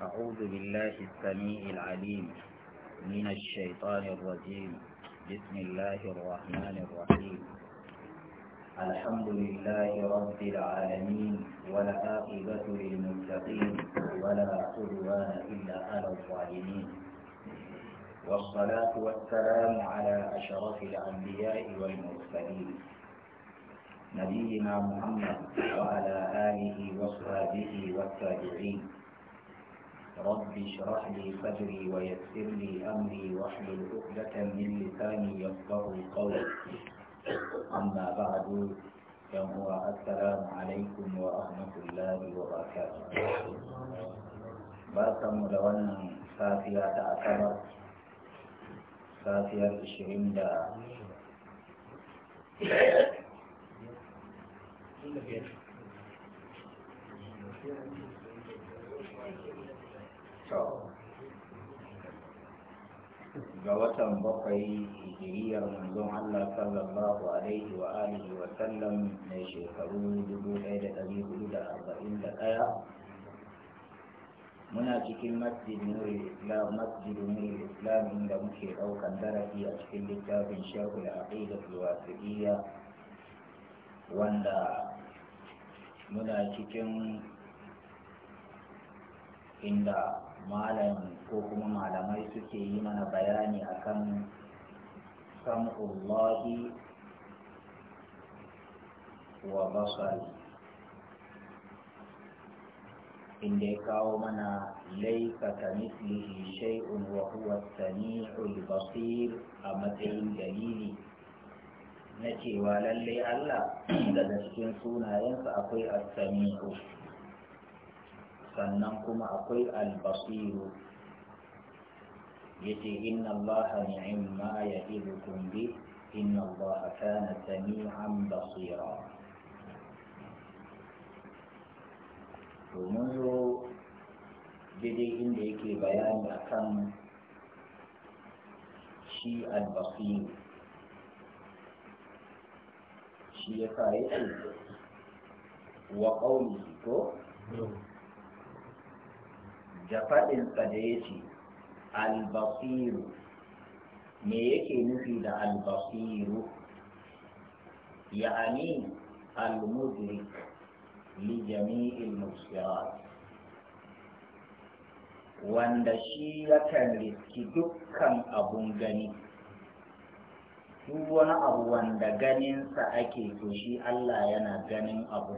أعوذ بالله السميع العليم من الشيطان الرجيم بسم الله الرحمن الرحيم الحمد لله رب العالمين عاقبة للمتقين ولا عدوان إلا على الظالمين والصلاة والسلام على أشرف الأنبياء والمرسلين نبينا محمد وعلى آله وصحبه والتابعين رب اشرح لي صدري ويسر لي أمري واحلل عقدة من لساني يفقه القول أما بعد يوم السلام عليكم ورحمة الله وبركاته barkan mu da wannan safiya ta asabar safiyar Thank you. ga watan bakwai hijiriyar manzon Allah sallallahu alaihi wa alihi wa sallam ne shekaru 1441 muna cikin masjid nuri islam masjid nuri islam inda muke daukan darasi a cikin littafin shekul aqidat wasiliya wanda muna cikin inda malam ko kuma malamai suke yi mana bayani akan sam'ullahi wa basari inda ya kawo mana laika mislihi shay'un wa huwa sami'ul basir a matsayin dalili na cewa lallai Allah daga cikin sunayensa akwai as sannan kuma akwai albasiru yace inna allaha ni'ma ya'idukum bi inna allaha kana sami'an basira to mun zo daidai inda yake bayani akan shi albasiru shi ya sa yake wa qawlihi ko da faɗinsa da ya ce albasiru me yake nufi da albasiru ya'ani almudrik li jami'il musirat wanda shi yakan riski dukkan abun gani duk wani abu wanda ganinsa ake to shi Allah yana ganin abu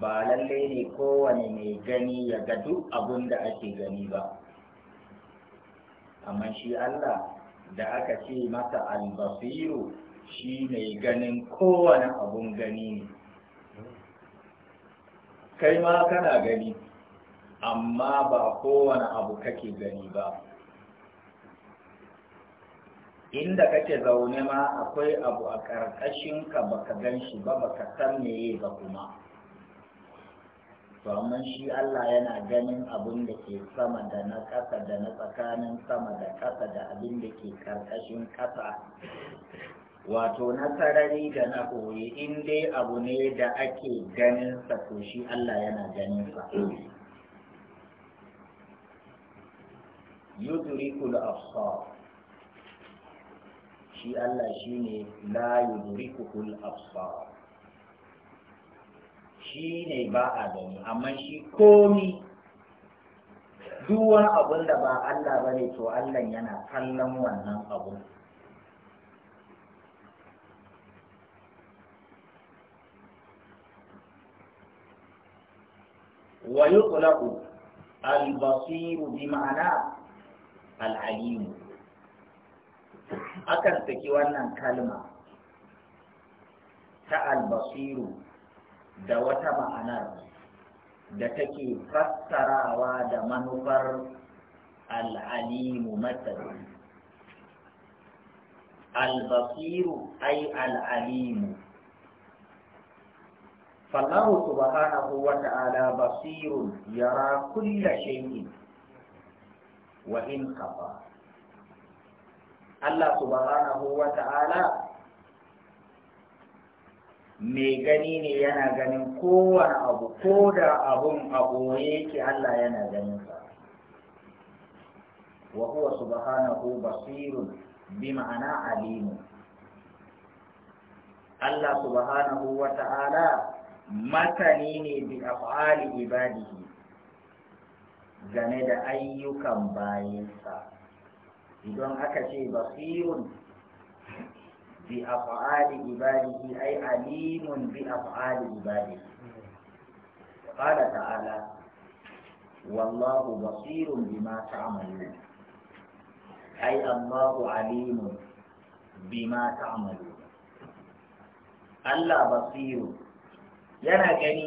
ba lalle ne kowane mai gani ya ga duk abin da ake gani ba amma shi Allah da aka ce masa albasiru shi mai ganin kowane abun gani ne kai ma kana gani amma ba kowane abu kake gani ba inda kake zaune ma akwai abu a ƙarƙashinka baka gan shi ba baka san meye ba kuma to shi Allah yana ganin abin da ke sama da na ƙasa da na tsakanin sama da ƙasa da abin da ke ƙarƙashin ƙasa wato na sarari da na koyi in dai abu ne da ake ganin sa to shi Allah yana ganin sa yudrikul absar shi Allah shine la yudrikul absar shi ne ba a gani amma shi komi duwan abun da ba Allah bane, to Allah yana kallon wannan abun wa yuqlaqu al-basir bi ma'ana al-alim akan saki wannan kalma ta al-basiru da wata ma'anar da take fassarawa da manufar al’alimu matsari. Al-basiru ai al’alimu. Fallahu subhanahu wa ta’ala basirun yara kulla shayin wa in kafa. Allah subhanahu wa ta’ala mai gani ne yana ganin kowane abu ko da abun abu yake Allah yana ganin sa wa huwa subhanahu basirun bi ma'ana alimu Allah subhanahu wa ta'ala matani ne bi af'ali ibadihi game da ayyukan bayansa idan aka ce basirun bi af'ali ibadihi ay alimun bi af'ali ibadihi qala ta'ala wallahu basirun bima ta'malun ay allahu alimun bima ta'malun Allah basiru yana gani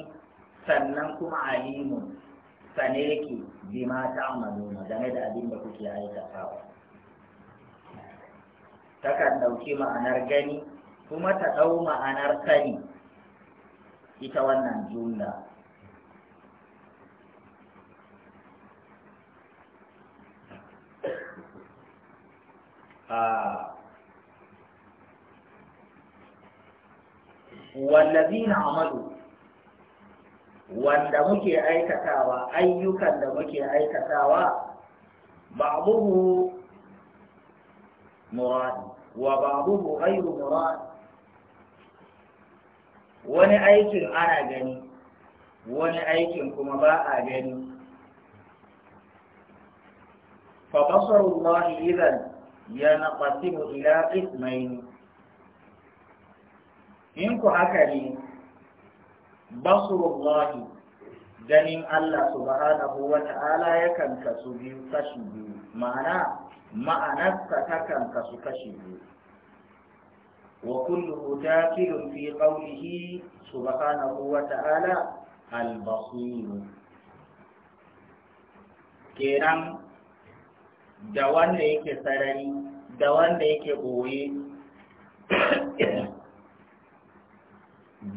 sannan kuma alimun sane yake bima ta'maluna game da abin da kuke aikatawa takan ɗauki ma'anar gani kuma ta ɗau ma'anar sani ita wannan jumla ah. wallazina amalu wanda muke aikatawa ayyukan da muke aikatawa ba'duhu مراد وبعضه غير مراد wani aikin ana gani wani aikin kuma ba a gani fa basaru Allah idan ya naqasimu ila qismayn in ku haka ne basurullahi ganin Allah subhanahu wa ta'ala yakan kasu biyu kashi biyu ma'ana ma'anarsa takan kasu kashi ne wa kullu dakilun fi qawlihi subhanahu wa ta'ala al-basir kenan da wanda yake sarari da wanda yake boye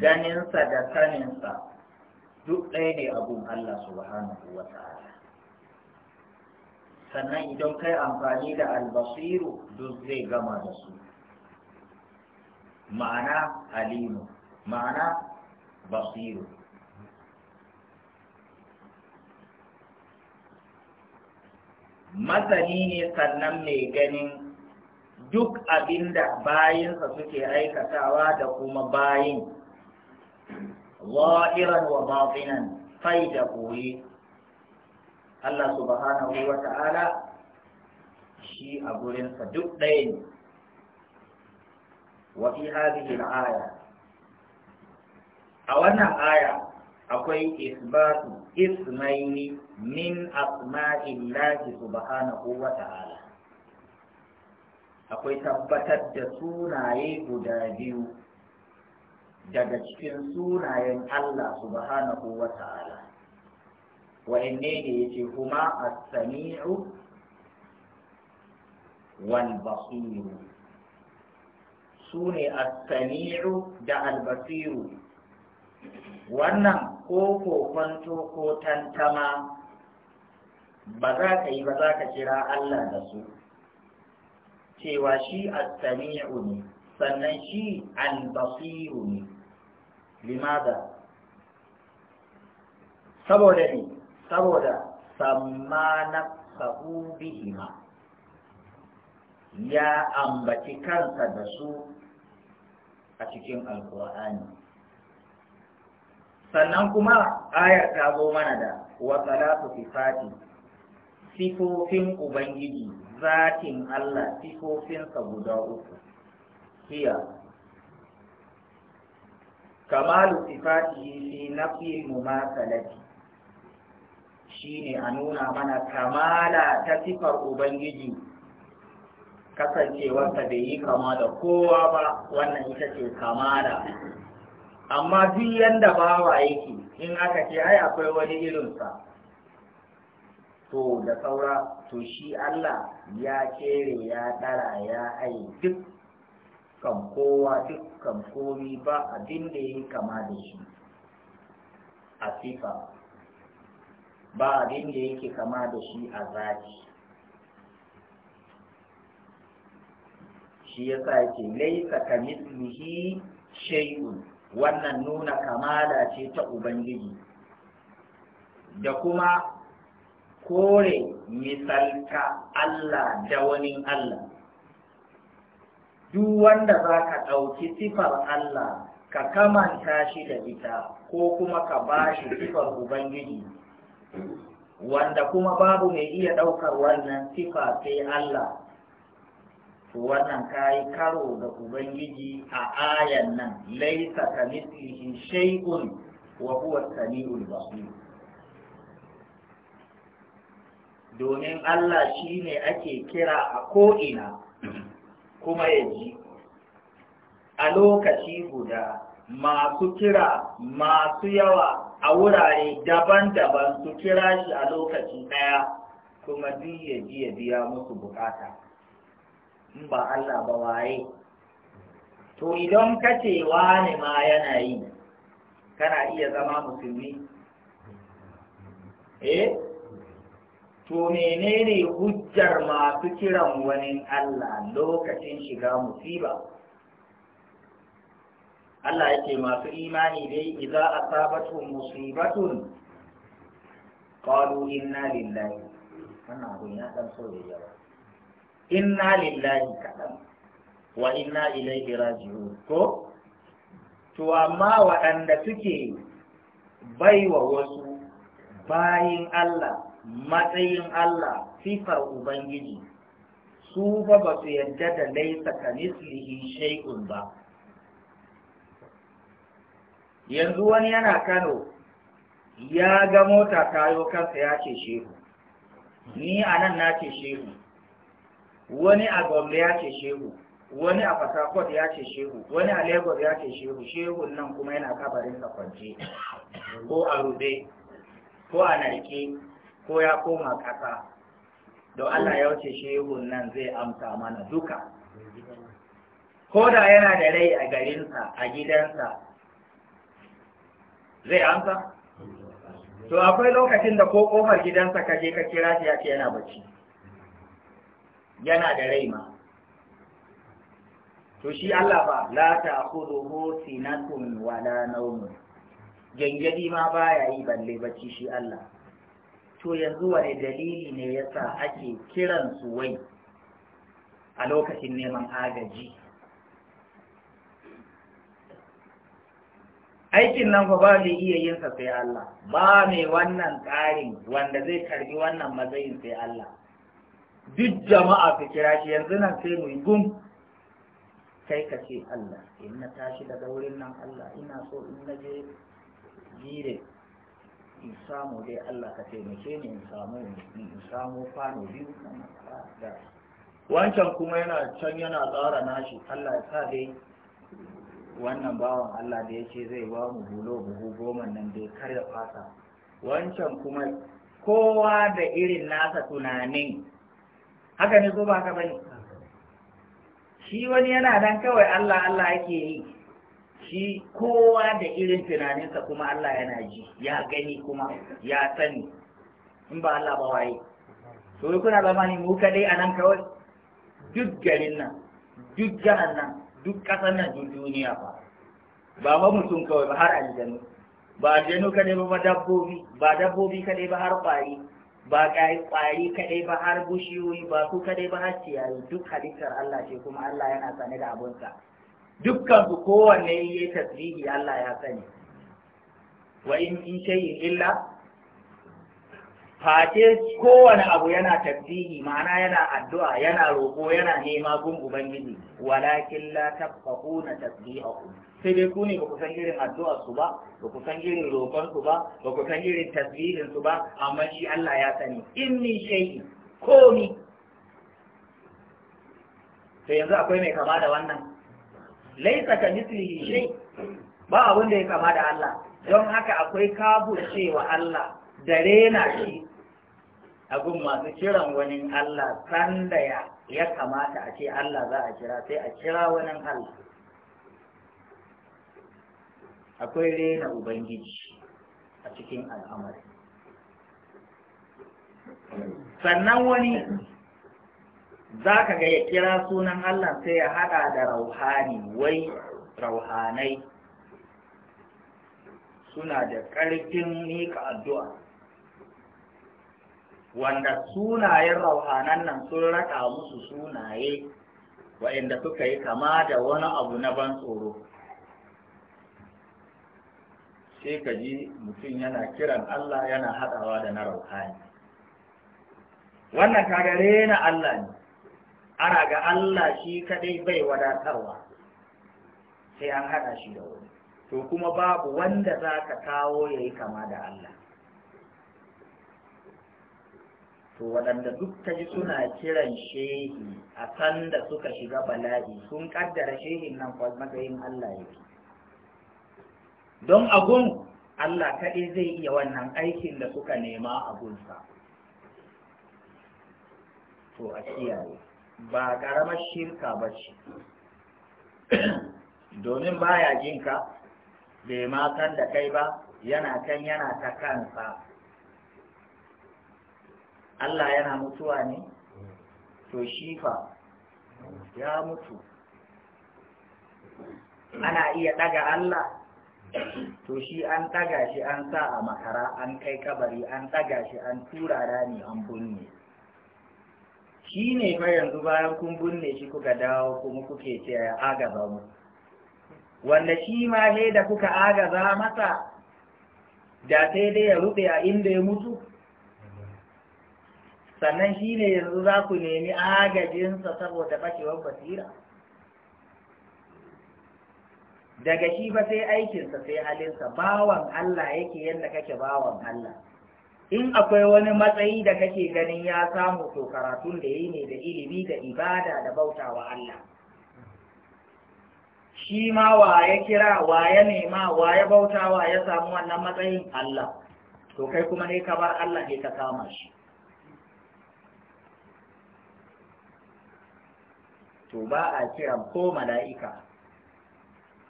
ganinsa da saninsa duk ɗaya ne abun Allah subhanahu wa ta'ala sannan idan kai amfani da albasiru duk zai gama da su ma'ana alimu ma'ana basiru masani ne sannan mai ganin duk abinda bayinsa suke aikatawa da kuma bayin wairan wa batinan fai da koyi Allah subhanahu wa ta'ala shi a gurinsa duk ɗaya ne wa fi hadhihi aya a wannan aya akwai isbatu ismaini min asma'illahi subhanahu wa ta'ala akwai tabbatar da sunaye guda biyu daga cikin sunayen Allah subhanahu wa ta'ala wa'anne ne yace kuma as-sami'u wal basiru su ne as-sami'u da Albasiru. wannan ko kwanto ko tantama ba za ka yi ba za ka kira Allah da su cewa shi as-sami'u ne sannan shi al ne limada saboda ne saboda sammana sahu bihima ya ambaci kansa da su a cikin alkur'ani sannan kuma ayar ta zo mana da wasalatu sifati sifofin ubangiji zatin Allah sifofinsa guda uku hiya kamalu sifati fi nafyi mumasalati Shi ne a nuna mana kamala ta sifar ubangiji Kasancewarta bai yi kama da kowa ba wannan ita ce kamala amma duk yanda bawa yake in aka ce ai akwai wani irinsa to da saura to shi Allah ya kere ya tara ya ai duk kan kowa duk kan komi ba abin da ya yi kama da shi a sifa ba abin da yake kama da shi a zaki shi ya sa laisa ka mislihi shay'un wannan nuna kamala ce ta ubangiji da kuma kore misalka Allah da wani Allah duk wanda za ka ɗauki sifar Allah ka kamanta shi da ita ko kuma ka bashi shi sifar Ubangiji wanda kuma babu mai iya ɗaukar wannan sifa sai Allah to wannan kayi karo da ubangiji a ayan nan laisa ka mislihi shay'un wa huwa samiul basir domin Allah shine ake kira a ko'ina kuma yaji. a lokaci guda masu kira masu yawa a wurare daban-daban su kira shi a lokaci ɗaya kuma biye ya biya musu bukata in ba Allah ba waye to idan ka ce wani ma yana yi kana iya zama musulmi eh to menene hujjar masu kiran wani Allah lokacin shiga musiba Allah yake masu imani dai idza asabatu musibatun qalu inna lillahi wannan abun ya dan so da yawa inna lillahi kadan wa inna ilaihi raji'un ko to amma waɗanda suke baiwa wasu bayin Allah matsayin Allah sifar ubangiji su ba su yadda da laisa ka mislihi shay'un ba yanzu wani yana kano ya ga mota kayo kansa ya ce shehu ni a nan na ce shehu wani a gombe ya ce shehu wani a fasakot ya ce shehu wani a lagos ya ce shehu shehu nan kuma yana kabarin kwance ko a rube ko a narke ko ya koma kasa don allah ya wuce shehu nan zai amsa mana duka ko da yana da rai a garinsa a gidansa zai amsa to akwai lokacin da ko kofar gidansa ka je ka kira shi ya yana bacci yana da Raima. to shi Allah ba la ta'khudhuhu sinatun la nawm gangadi ma baya yi balle bacci shi Allah to yanzu wane dalili ne yasa ake kiran su wai a lokacin neman agaji aikin nan fa ba mai iya yin sa sai Allah ba mai wannan ƙarin wanda zai karbi wannan matsayin sai Allah duk jama'a su kira shi yanzu nan sai mu gum kai ka ce Allah in tashi daga wurin nan Allah ina so in na je gire in samu dai Allah ka taimake ni in samu in samu kwano biyu na wancan kuma yana can yana tsara nashi Allah ya sa dai wannan bawan Allah da ya ce zai ba mu bulo buhu goma nan dai kar ya fasa wancan kuma kowa da irin nasa tunanin haka ne ko ba haka bane shi wani yana dan kawai Allah Allah yake yi shi kowa da irin tunaninsa kuma Allah yana ji ya gani kuma ya sani in ba Allah ba waye to kuna zamani mu kadai anan kawai duk garin nan duk jihar nan duk ƙasar nan duk duniya ba ba ma mutum kawai ba har aljanu ba aljanu kaɗai ba ma dabbobi ba dabbobi kaɗai ba har ƙwari ba ƙwari kaɗai ba har bushiyoyi ba su kaɗai ba har ciyayi duk halittar Allah ce kuma Allah yana sani da abunsa dukkan su kowanne ya tasbihi Allah ya sani wa in in shay'in illa fate kowane abu yana tasbihi ma'ana yana addu'a yana roƙo yana nema gun ubangiji walakin la tafqahuna tasbihakum sai dai ku ne ba ku san irin addu'ar su ba ba ku san irin roƙon su ba ba ku san irin tasbihin su ba amma shi Allah ya sani In ni shehi ko ni? to yanzu akwai mai kama da wannan laisa ka mislihi shay ba abin da ya kama da Allah don haka akwai kabu cewa Allah da rena shi abin masu kiran wani Allah sanda ya kamata a ce Allah za a kira sai a kira wani Allah akwai rena Ubangiji a cikin al'amari sannan wani za ka ga ya kira sunan Allah sai ya haɗa da rauhani wai rauhanai suna da ƙarfin nika addu'a wanda sunayen rauhanan nan sun raka musu sunaye waɗanda suka yi kama da wani abu na ban tsoro sai ka ji mutum yana kiran Allah yana haɗawa da na rauhani wannan kaga na Allah ne ana ga Allah shi kaɗai bai wadatarwa sai an haɗa shi da wani to kuma babu wanda za ka kawo ya yi kama da Allah to waɗanda duk ta ji suna kiran shehi a san da suka shiga bala'i sun kaddara shehin nan matsayin Allah ya ke. don agun Allah kaɗai zai iya wannan aikin da suka nema a gunsa to a kiyaye ba ƙaramar shirka ba ce domin ba baya jinka bai ma kan da kai ba yana kan yana ta kansa Allah yana mutuwa ne to shi fa ya mutu ana iya ɗaga Allah to shi an daga shi an sa a makara an kai kabari an daga shi an tura rani an bunne shi ne fa yanzu bayan kun bunne shi kuka dawo kuma kuke ce ya agaba mu wanda shi ma he da kuka agaza masa da sai dai ya rufe a inda ya mutu sannan shi ne yanzu za ku nemi agajinsa saboda bakewar basira daga shi ba sai aikinsa sai halinsa bawan Allah yake yadda kake bawan Allah in akwai wani matsayi da kake ganin ya samu to karatun da yi ne da ilimi da ibada da bautawa Allah shi ma wa ya kira wa ya nema wa ya bautawa ya samu wannan matsayin Allah to kai kuma ne ka Allah ne ka kama shi to ba a kiran ko mala'ika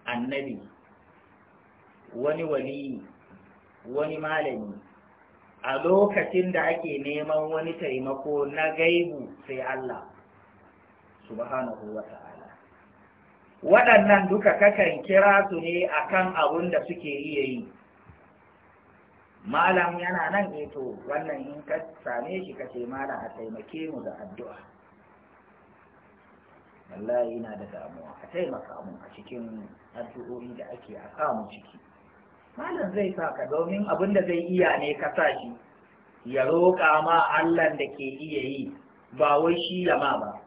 annabi wani waliyi wani malami a lokacin da ake neman wani taimako na gaibu sai Allah subhanahu wa ta'ala waɗannan duka kakan kira su ne akan abun da suke iya yi malam yana nan eto eh wannan in ka same shi ka ce malam a taimake mu da addu'a wallahi ina da damuwa a taimaka mu a cikin addu'o'i da ake a samu ciki malam zai saka ka domin abin da zai iya ne ka sa shi ya roƙa ma Allah da ke iya yi ba wai shi ya ma ba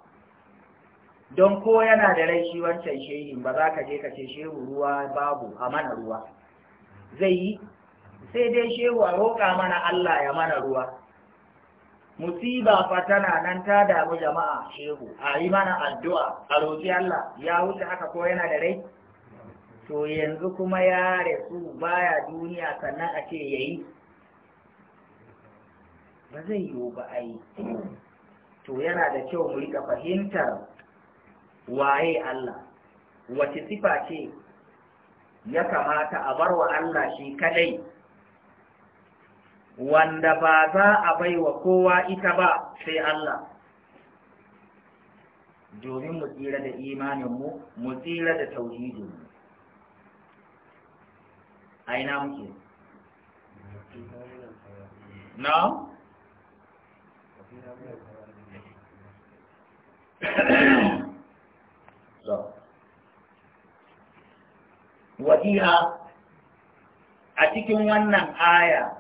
don ko yana da rai shi wancan shehin ba za ka je ka ce shehu ruwa babu a mana ruwa zai yi sai dai shehu a roƙa mana Allah ya mana ruwa musiba fa tana nan ta damu jama'a shehu a yi mana addu'a a roƙi Allah ya wuce haka ko yana da rai to yanzu kuma ya rasu baya duniya sannan a ce yayi ba zai yiwu ba ai to yana da kyau mu rika fahimtar waye Allah wace sifa ce ya kamata a barwa Allah shi kadai wanda ba za a baiwa kowa ita ba sai Allah domin mu tsira da imaninmu mu tsira da tauhidinmu aina muke na so. a cikin wannan aya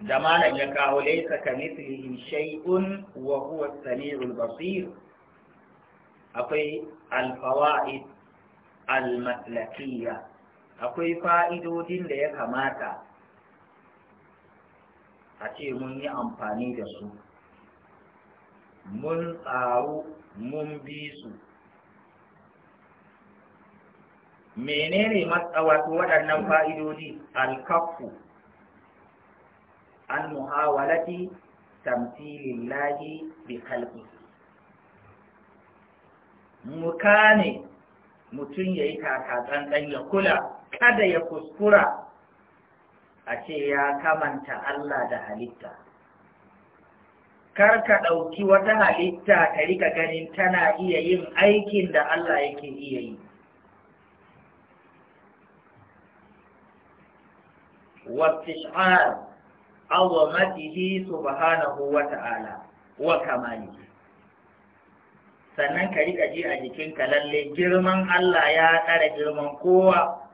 da malam ya kawo laisa ka mithlihi shay'un wa huwa as-sami'ul basir akwai al-fawaid al-maslakiyya akwai fa'idodin da ya kamata a ce mun yi amfani da su mun tsaru mun bi su menene wato waɗannan fa'idodi al alkafu an muhawalati tamthilillahi bi Muka ne mutum yayi kaka tsantsan ya kula kada ya kuskura a ce ya kamanta Allah da halitta kar ka ɗauki wata halitta ka rika ganin tana iya yin aikin da Allah yake iya yi والتشعار azamatihi subhanahu wa ta'ala wa sannan ka riƙa ji a jikinka lalle girman Allah ya tsara girman kowa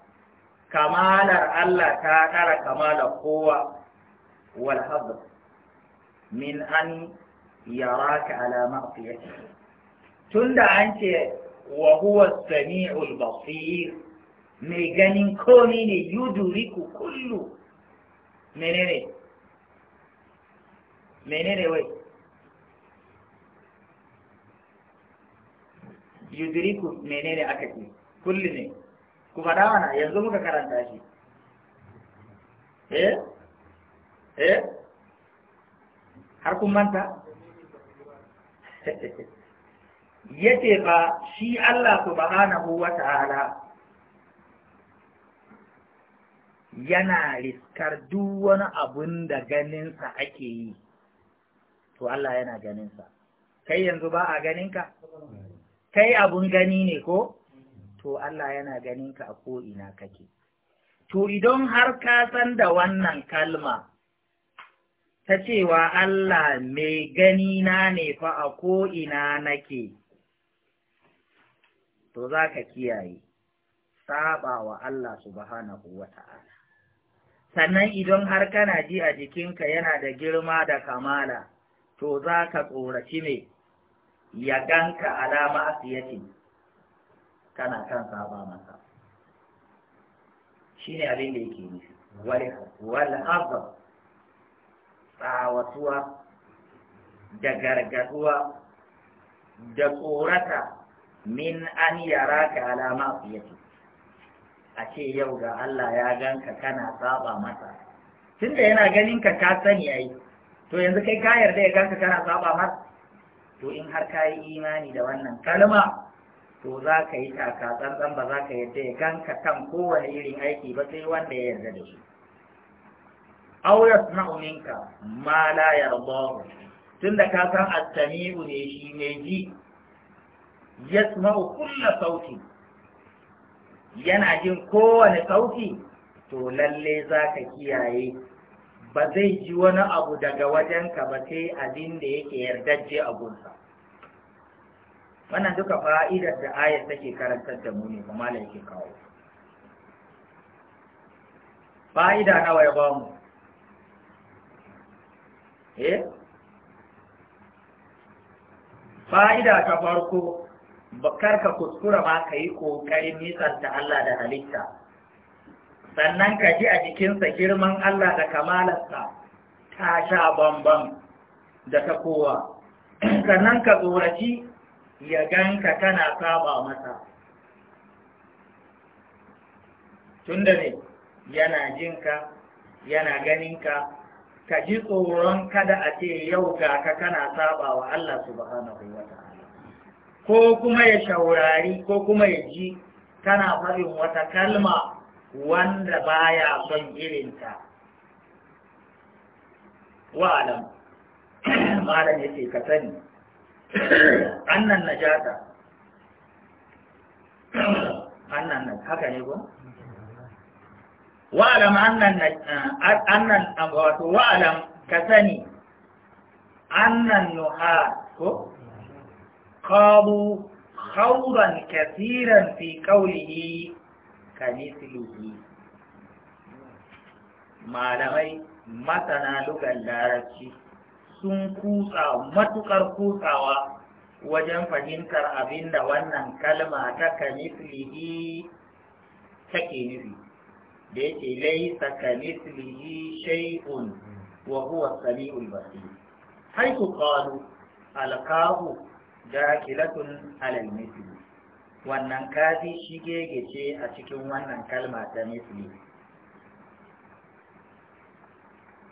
kamalar Allah ta tsara kamalar kowa wal min an yaraka ala ma'siyati tunda an ce wa huwa samiul basir mai ganin komai ne yuduriku kullu menene menene wai yudriku menene aka ce kulli ne ku faɗa mana yanzu muka karanta shi eh eh har kun manta yace fa shi Allah subhanahu wa ta'ala yana riskar duk wani abun da ganinsa ake yi to Allah yana ganinsa kai yanzu ba a ganinka kai abun gani ne ko to Allah yana ganinka a ko'ina kake to idan har ka san da wannan kalma ta cewa Allah mai gani na ne fa a ko'ina nake to za ka kiyaye saba wa Allah subhanahu wa ta'ala sannan idan har kana ji a jikinka yana da girma da kamala to za ka tsoraci ne ya ganka alama asiyatin kana kan saba masa shi ne abin da yake nufi walhazar tsawatuwa da gargaduwa da tsorata min an yara ka alama asiyatin a ce yau ga Allah ya ganka kana saba masa tunda yana ganin ka ka sani yi. to yanzu kai ka yarda ya ganka kana saba mar to in har ka yi imani da wannan kalma to za ka yi taka tsantsan ba za ka yarda ya ganka kan kowane irin aiki ba sai wanda ya yarda da shi aw yasma'u minka ma la yardahu tunda ka san at ne shi ne ji yasma'u kullu sauti yana jin kowane sauti to lalle za ka kiyaye ba zai ji wani abu daga wajenka ba sai abin da yake yardajje a gunsa wannan duka fa'idar da ayat take karantar da mu ne kuma da yake kawo fa'ida nawa ya ba mu eh fa'ida ta farko kar ka kuskura ma kai kokarin nisan ta Allah da halitta sannan ka ji a jikinsa girman Allah da kamalarsa ta sha bambam da ta kowa sannan ka tsoraci ya ganka kana saba masa tunda ne yana jinka yana ganinka ka ji tsoron kada a ce yau ga ka kana saba wa Allah subhanahu wa ta'ala ko kuma ya shaurari ko kuma ya ji kana faɗin wata kalma wanda baya son irin irinta wa'alam malam yake ka sani annan najata annan nan haka ne ko wa'alam annan annan wato wa'alam ka sani annan nuha ko qabu خوضا كثيرا في قوله kamislihi malamai masana lugar larabci sun kutsa matukar kutsawa wajen fahimtar abinda wannan kalma ta kamislihi take nufi da yake laisa kamislihi shay'un wa huwa sami'ul basir haythu qalu alqahu dakilatun alal misli wannan kafi shi gegece a cikin wannan kalma ta misli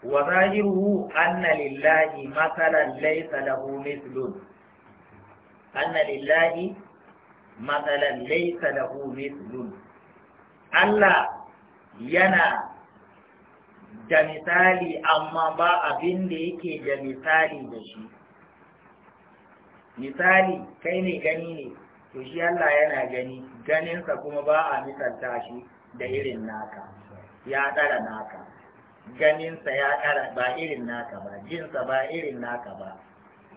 wa zahiruhu anna lillahi masalan laysa lahu anna lillahi masalan laysa lahu Allah yana da misali amma ba abin da yake da misali da shi misali kai ne gani ne to shi Allah yana gani ganinsa kuma ba a misalta shi da irin naka ya ɗara naka ganinsa ya ɗara ba irin naka ba jinsa ba irin naka ba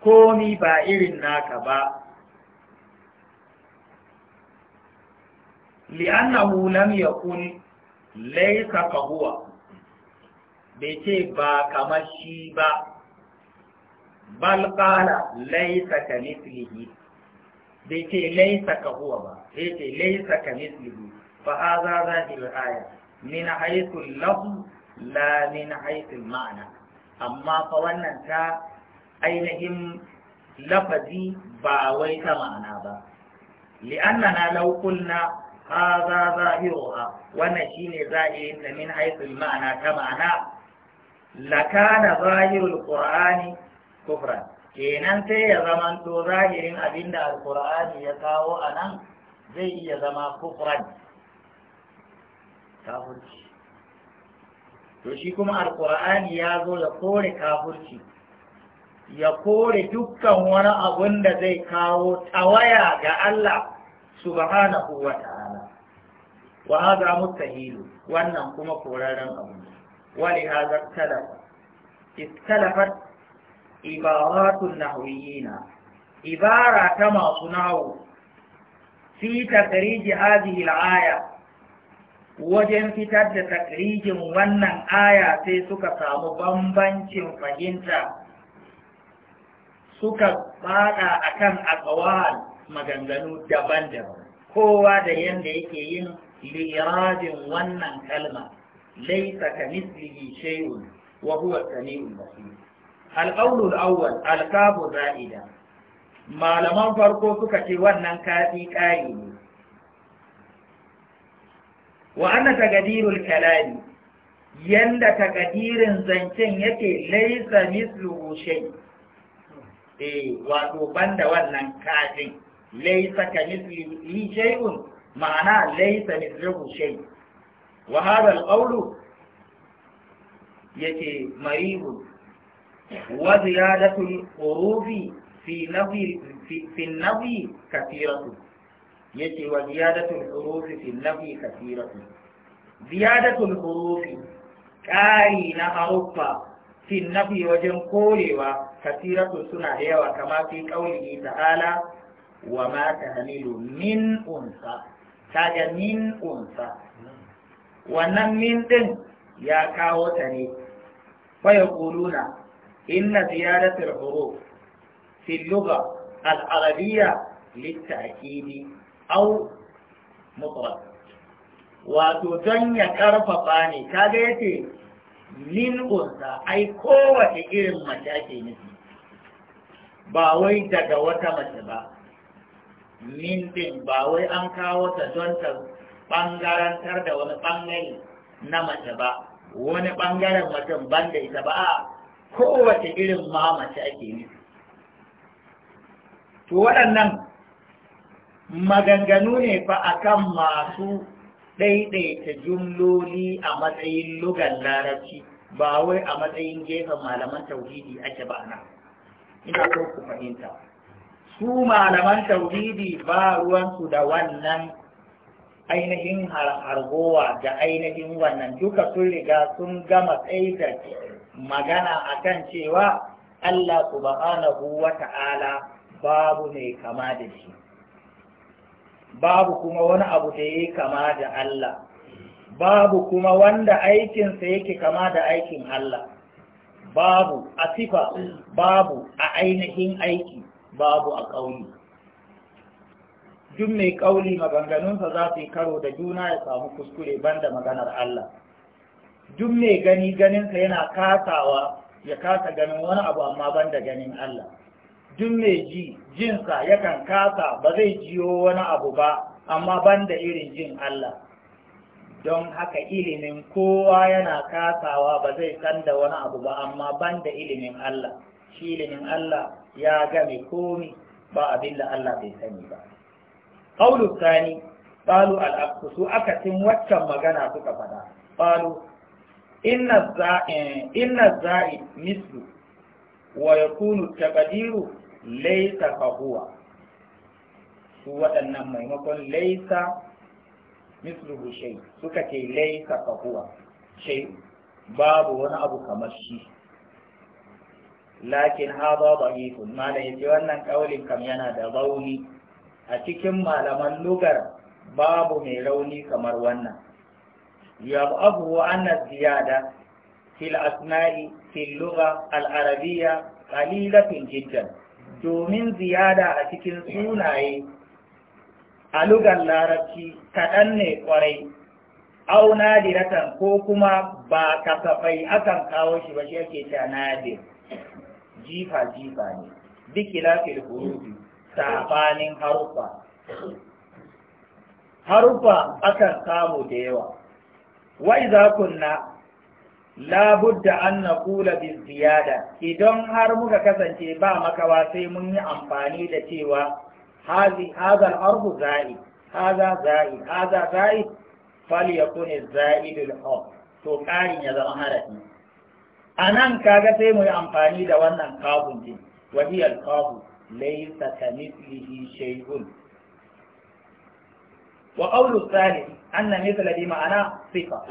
komi ba irin naka ba li'annahu lam yakun laysa ka huwa bai ce ba kamar shi ba bal qala laysa ka mithlihi bai ce laisa ka huwa ba sai ce laisa ka mislihi fa hadha zahir aya min haythu lahu la min haythu ma'ana amma fa wannan ta ainihin lafazi ba wai ta ma'ana ba li'annana law qulna hadha zahiruha wannan shine zahirin da min haythu ma'ana ta ma'ana lakana zahirul qur'ani kufran kenan sai ya zama to zahirin abin da alkur'ani ya kawo a nan zai iya zama kufran kafurci to shi kuma alkur'ani ya zo ya kore kafurci ya kore dukkan wani abun da zai kawo tawaya ga Allah subhanahu wa ta'ala wa haza mutahilu wannan kuma koraren abu wali haza talafa istalafat ibaratun nahwiyina ibara ta masu nawo fi takriji hadhihi al wajen fitar da takrijin wannan aya sai suka samu bambancin fahimta suka bada akan aqwal maganganu daban-daban kowa da yanda yake yin li'radin wannan kalma laysa kamithlihi shay'un wa huwa as basir alƙaunul awwal alkabu za'ida malaman farko suka ce wannan kafi ƙari ne wa anna taqdirul yadda yanda gadirin zancen yake laisa mislu shay E, wato banda wannan kafin laisa ka mislu shay'un ma'ana laisa mislu shay wa hadha yake maribu wa ziyadatul urufi fi nafi fi nafi kathiratu yace wa ziyadatul urufi fi nafi kathiratu ziyadatul urufi ƙari na haruffa fi nafi wajen korewa kathiratu suna da yawa kama fi qaulihi ta'ala wa ma tahmilu min unsa kaga min unsa wannan min ɗin ya kawo ta ne faya kuluna إن زيادة الحروف في اللغة العربية Wato أو مطلق وتزني كرفقاني كذلك min unsa ai kowace irin mace ake nufi ba wai daga wata mace ba min din ba wai an kawo ta don ta bangarantar da wani bangare na mace ba wani ɓangaren mutum ban ita ba a kowace irin mamaci ake yi to waɗannan maganganu ne fa a kan masu ɗaiɗaita jumloli a matsayin lugan larabci ba wai a matsayin gefen malaman tauhidi ake ba na ina so ku fahimta su malaman tauhidi ba ruwansu da wannan ainihin hargowa da ainihin wannan duka sun riga sun gama tsaitar magana akan cewa Allah subhanahu wa ta'ala babu mai kama da shi babu kuma wani abu da ya kama da Allah babu kuma wanda aikinsa yake kama da aikin Allah babu a sifa babu a ainihin aiki babu a ƙauni duk mai ƙauli maganganunsa za su yi karo da juna ya samu kuskure banda maganar Allah duk mai gani ganinsa yana kasawa ya kasa ganin wani abu amma ban da ganin Allah duk mai ji jinsa yakan kasa ba zai jiyo wani abu ba amma ban da irin jin Allah don haka ilimin kowa yana kasawa ba zai san da wani abu ba amma ban da ilimin Allah shi ilimin Allah ya game komi ba abin da Allah bai sani ba qaulu thani qalu al-aqsu akatin waccan magana suka fada qalu inna za'i mislu wa ya kunu laysa laisa su waɗannan maimakon laisa misluhu shai suka ce laisa fa shai babu wani abu kamar shi lakin hadha da'ifun malam yace wannan ƙaurin kam yana da rauni a cikin malaman lugar babu mai rauni kamar wannan يضعفه أن الزيادة في الأسماء في اللغة العربية قليلة جدا domin ziyara a cikin sunaye a larabci kaɗan ne ƙwarai au nadiratan ko kuma ba kasafai akan kawo shi ba shi ake ta nadir jifa jifa ne bikila fil hurufi sabanin harufa harufa akan samu da yawa Wai zakunna. la budda an na kula ziyada idan har muka kasance ba makawa sai mun yi amfani da cewa hazal arhu za'i haza za'i haza za'i fal yakun za'idul haw to karin ya zama harafi anan kaga sai mu yi amfani da wannan kafun din wahiyal kafu laysa kamithlihi shay'un وقول الثاني أن مثل دي معناه صفة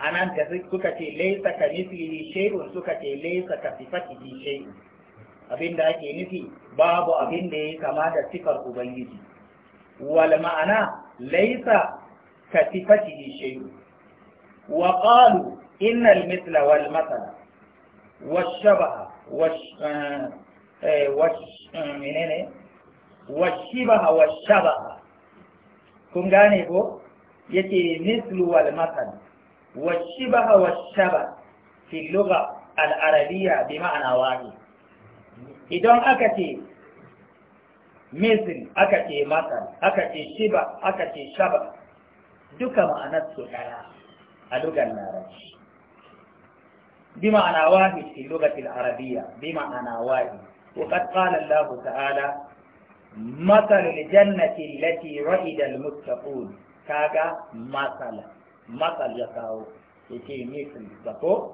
أنا أنت سكتي ليس كمثله شيء سكتي ليس كصفته شيء أبين ذلك نفي باب أبين ذي كما ذا ثقة أبيض والمعنى ليس كصفته شيء وقالوا إن المثل والمثل والشبه والش... آه، آه، والش... آه، والشبه والشبه kun gane ko yake mislu wal masal wa shibaha wa shaba fi lugha al arabiyya bi ma'ana wani idan aka ce misl aka ce masal aka ce shiba aka ce shaba duka ma'anar su daya a lugar larabci bi ma'ana wani fi lughatil arabiyya bi ma'ana wani وقد قال الله تعالى مثل الجنة التي وعد المتقون كاغا مثل مثل يكاو يتي مثل تقو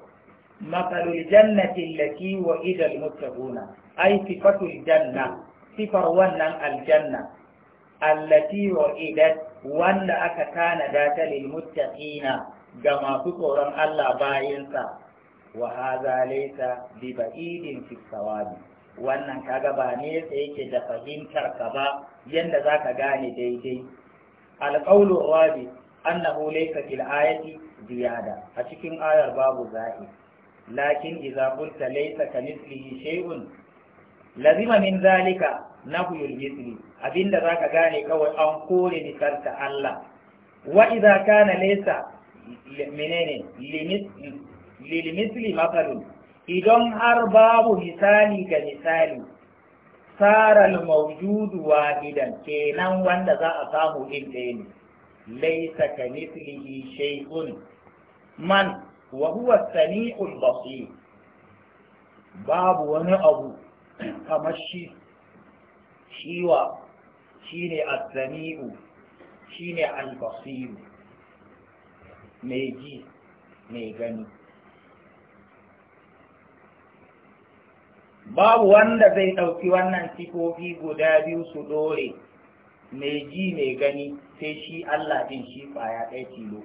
مثل الجنة التي وعد المتقون أي صفة الجنة صفة ونن الجنة التي ون أكا كان ذات للمتقين كما تقول الله باينسا وهذا ليس ببعيد في الثواب wannan kaga ba ne yake da fahimtar ka ba yanda za ka gane daidai alqaulu rabi annahu laysa fil ayati ziyada a cikin ayar babu za'i lakin idza qulta laysa kamithlihi shay'un lazima min zalika nahyul misli abinda zaka gane kawai an kore karta Allah wa idza kana laysa menene limisli mafalun idan har babu misali ga misali saral maujudu wahidan kenan wanda za a samu din ɗaya ne laisa ka mislihi shay'un man wa huwa sami'ul basir babu wani abu kamar shi shiwa shine as-sami'u shine al-basir mai ji mai gani babu wanda zai ɗauki wannan sifofi guda biyu su dore mai ji mai gani sai shi Allah din shi ƙwaya ɗaya tilo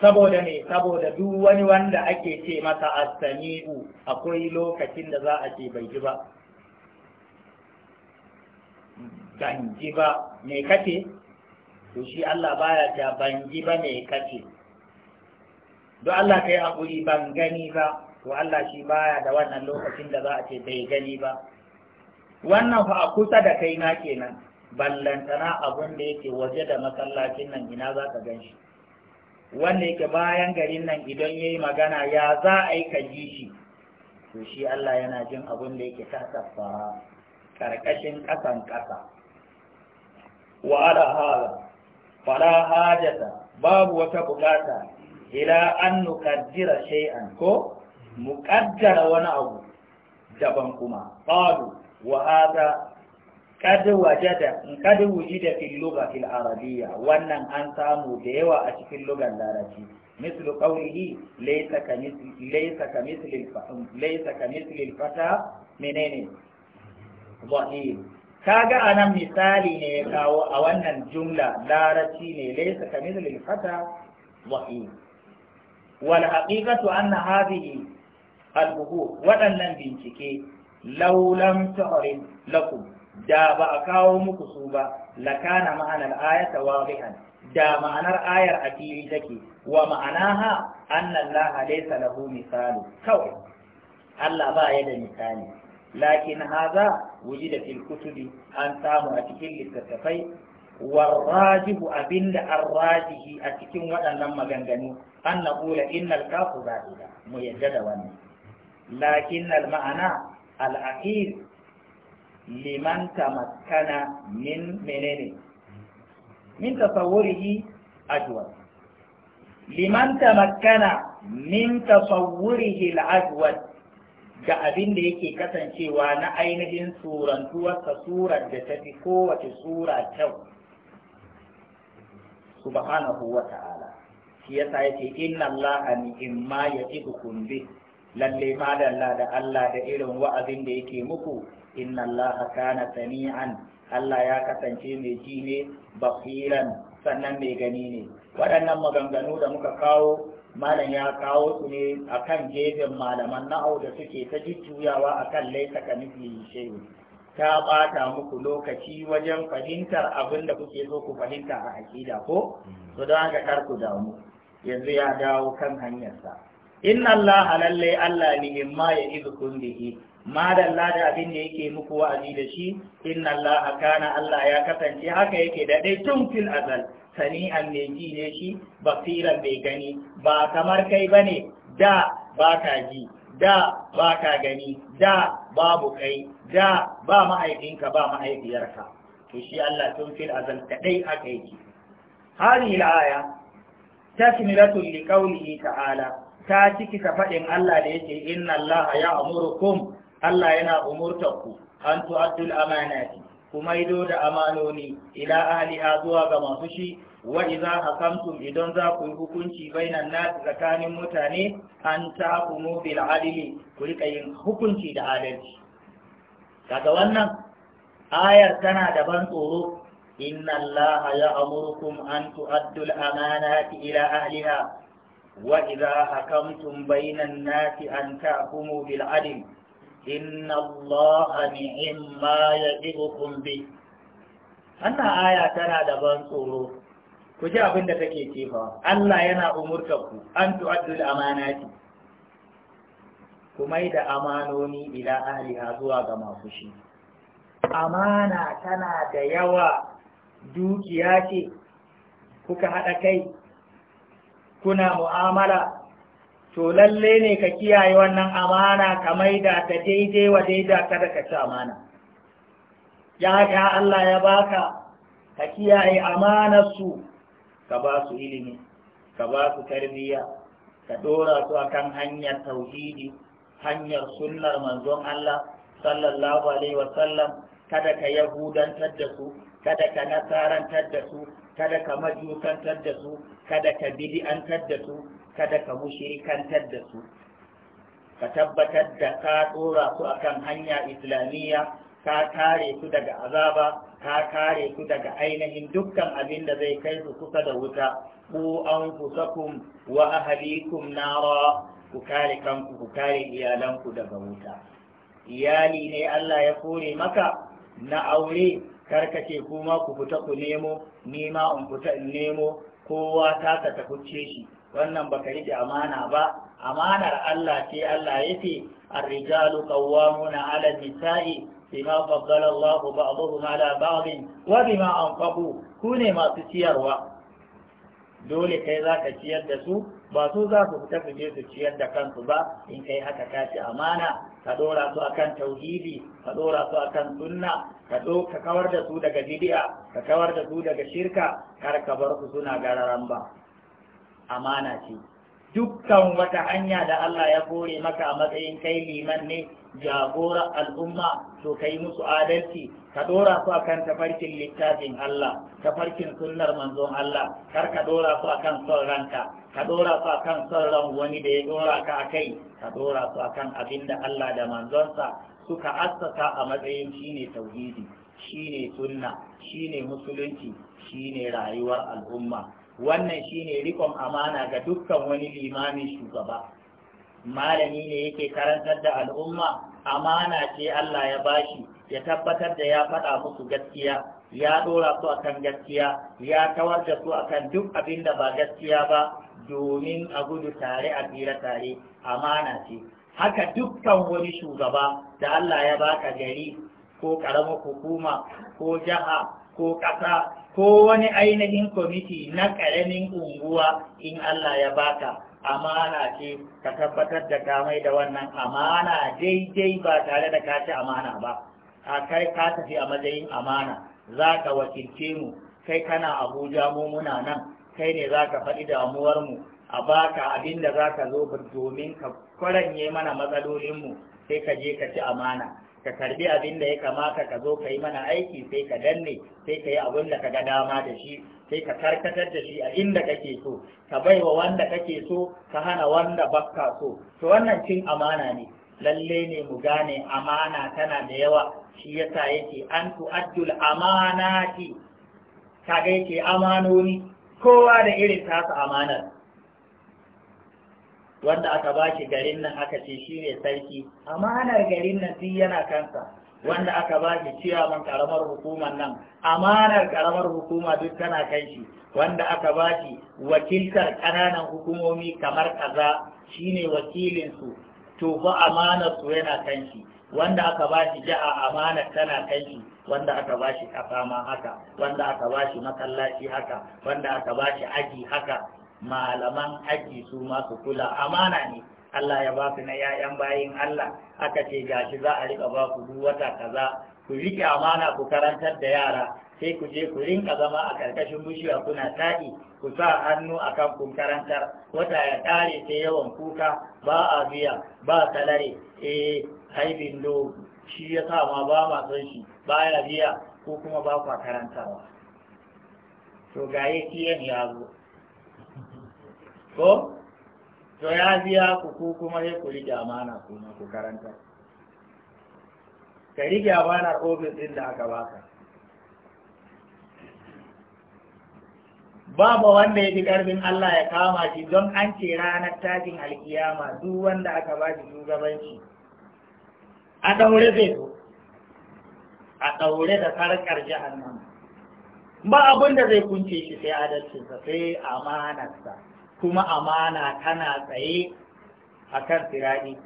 saboda ne saboda duk wani wanda ake ce masa astami'u akwai lokacin da za a ce bai ji ba ban ji ba mai kace to shi Allah baya ta ban ji ba mai kace don Allah kai haƙuri ban gani ba to Allah shi baya da wannan lokacin da za a ce bai gani ba wannan fa a kusa da kai na kenan ballantana abun da yake waje da masallacin nan ina za ka gan shi wanda yake bayan garin nan idan ya yi magana ya za a yi ka ji shi to shi Allah yana jin abun da yake ta tafa karkashin ƙasan ƙasa wa ala hala fara hajata babu wata buƙata, ila an nukaddira shay'an ko mu wani abu daban kuma qalu wa hada kad wajada kad wujida fil lugha fil arabiyya wannan an samu da yawa a cikin lugar larabci مثل قوله ليس كمثل ليس كمثل ليس كمثل الفتى منين ظهير kaga anan misali ne ya kawo a wannan jumla larabci ne laysa kamithli al-fata dhahir wal haqiqatu anna hadhihi albuhu waɗannan bincike laulan ta'arin lakum da ba a kawo muku su ba lakana ma'anar ayata wadihan da ma'anar ayar a fili take wa ma'anaha annan laha laysa lahu misalu kawai Allah ba ya da misali lakin haza wujida fil kutubi an samu a cikin littattafai warrajihu abinda arrajihi a cikin waɗannan maganganu an na kula innal kafu za'ida mu yadda da wannan lakin المعنى الأخير لمن تمكن من منين من تصوره min لمن تمكن من تصوره min ga abin da yake kasancewa na ainihin surantuwarsa surar da ta fi kowace sura kyau subhanahu wa ta'ala shi yasa yake inna allaha ni'imma ya'idukum lalle madalla da Allah da irin wa'azin da yake muku inna Allah kana sami'an Allah ya kasance mai ji ne basiran sannan mai gani ne waɗannan maganganu da muka kawo malam ya kawo su ne akan gefen malaman na'au da suke ta jujjuyawa akan laisa ka nufi shehu ta ɓata muku lokaci wajen fahimtar abin da kuke so ku fahimta a aƙida ko Su mm. don haka ku damu yanzu ya dawo kan hanyarsa inna Allah lalle Allah ne imma ya ibukum bihi ma da Allah da abin da yake muku wa'azi da shi inna Allah kana Allah ya kasance haka yake da dai tun fil azal sami'an mai ji ne shi basiran bai gani ba kamar kai bane da ba ka ji da ba ka gani da babu kai da ba mahaifinka ba mahaifiyarka to shi Allah tun fil azal kadai haka yake hadhihi al-aya takmilatul liqawlihi ta'ala ta ciki ta faɗin Allah da yake inna Allah ya amurukum Allah yana umurtanku, an tu'addul amanati kuma ido da amanoni ila ahliha zuwa ga masu shi wa idza hakamtum idan za ku yi hukunci bainan nas tsakanin mutane an tahkumu bil adli ku rika yin hukunci da adalci kaga wannan ayar tana da ban tsoro inna allaha ya'murukum an tu'addu al-amanati ila ahliha وإذا حكمتم بين الناس أن تحكموا بالعدل inna الله نعم ما يعظكم bi? wannan aya tana da ban tsoro ku ji abin da take cewa Allah yana umurta ku an tu'addu al-amanati ku mai da amanoni ila ahliha zuwa ga masu amana tana da yawa dukiya ce kuka haɗa kai kuna mu'amala to lalle ne ka kiyaye wannan amana ka maida ta daidai wa daidai, kada ka ci amana ya ga Allah ya baka ka kiyaye amanarsu, ka ba su ilimi ka ba su tarbiyya ka dora su akan hanyar tauhidi hanyar sunnar manzon Allah sallallahu alaihi sallam, kada ka yahudantar da su kada ka nasarantar da su kada ka majusantar da su kada ka an da su kada ka mushrikantar da su ka tabbatar da ka dora su akan hanya islamiyya ka kare su daga azaba ka kare su daga ainihin dukkan abin da zai kai su kusa da wuta ku fusakum wa ahlikum nara ku kare kanku ku kare iyalanku daga wuta iyali ne Allah ya kore maka na aure karkace kuma ku fita ku nemo nima in fita in nemo kowa ta ka tafuce shi wannan baka rike amana ba amanar Allah ce Allah yace ar-rijalu qawwamuna 'ala an-nisa'i bima faddala Allah ba'dahum 'ala ba'd wa bima anfaqu kune masu ciyarwa dole kai zaka ciyar da su ba su za su fita su je su ciyar da kansu ba in kai haka ka amana ka dora su akan tauhidi ka dora su akan sunna ka do ka kawar da su daga bid'a ka kawar da su daga shirka kar ka bar su suna gararan ba amana ce dukkan wata hanya da Allah ya kore maka a matsayin kai liman ne jagora al'umma to kai musu adalci ka dora su akan tafarkin littafin Allah tafarkin sunnar manzon Allah kar ka dora su akan son ranka ka dora su akan son ran wani da ya dora ka a kai. ka dora su a kan abin da Allah da manzonsa suka assasa a matsayin shine tauhidi shine sunna shine musulunci shine rayuwar al'umma wannan shine rikon amana ga dukkan wani limamin shugaba malami ne yake karantar da al'umma amana ce Allah ya bashi ya tabbatar da ya faɗa musu gaskiya ya ɗora su akan gaskiya ya kawar da su akan duk abin da ba gaskiya ba domin a gudu tare a tsira tare amana ce haka dukkan wani shugaba da Allah ya baka gari ko karamar hukuma ko jaha ko ƙasa ko wani ainihin kwamiti na ƙaramin unguwa in Allah ya baka amana ce ka tabbatar da kamai da wannan amana daidai ba tare da ka ci amana ba a kai ka tafi a matsayin amana za ka wakilce mu kai kana abuja mu muna nan kai ne za ka faɗi damuwarmu a baka abin da za ka zo domin ka kwaranye mana matsalolinmu sai ka je ka ci amana ka karbi abin da ya kamata ka zo ka yi mana aiki sai ka danne sai ka yi abin da ka ga dama da shi sai ka karkatar da shi a inda kake so ka bai wa wanda kake so ka hana wanda bakka so to wannan cin amana ne lalle ne mu gane amana tana da yawa shi yasa yake an tu'addul amanati kaga yake amanoni kowa da irin tasa amanar wanda aka ba shi garin nan aka ce shi ne sarki amanar garin nan duk yana kansa wanda aka ba shi ciyaman karamar hukumar nan amanar karamar hukuma duk tana kan shi wanda aka ba shi wakiltar ƙananan hukumomi kamar kaza shine wakilinsu to fa amanar su yana kan shi wanda aka ba shi ja'a amanar tana kan shi wanda aka bashi shi ma haka wanda aka ba shi masallaci haka wanda aka ba shi aji haka malaman aji su masu kula amana ne Allah ya ba su na 'ya'yan bayin Allah aka ce gashi za a riƙa ba ku duk wata kaza ku riƙe amana ku karantar da yara sai ku je ku rinka zama a ƙarƙashin bishiya kuna taɗi ku sa hannu a kan kun karantar wata ya ƙare sai yawan kuka ba a biya ba salare eh haibin do shi ya sa ma ba ma son shi baya biya ko kuma ba kwa karantawa to ga ya kiyan ya zo ko to ya biya ku ko kuma ya ku rike amana kuma ku karanta ka rike amanar ofis ɗin da aka baka babu wanda ya fi ƙarfin Allah ya kama shi don an ce ranar tajin alkiyama duk wanda aka ba shi shugabanci a ɗaure zai zo a ɗaure da sarƙar jahannama ba abin da zai kunce shi sai adalcinsa sai amanarsa kuma amana tana tsaye a kan firadi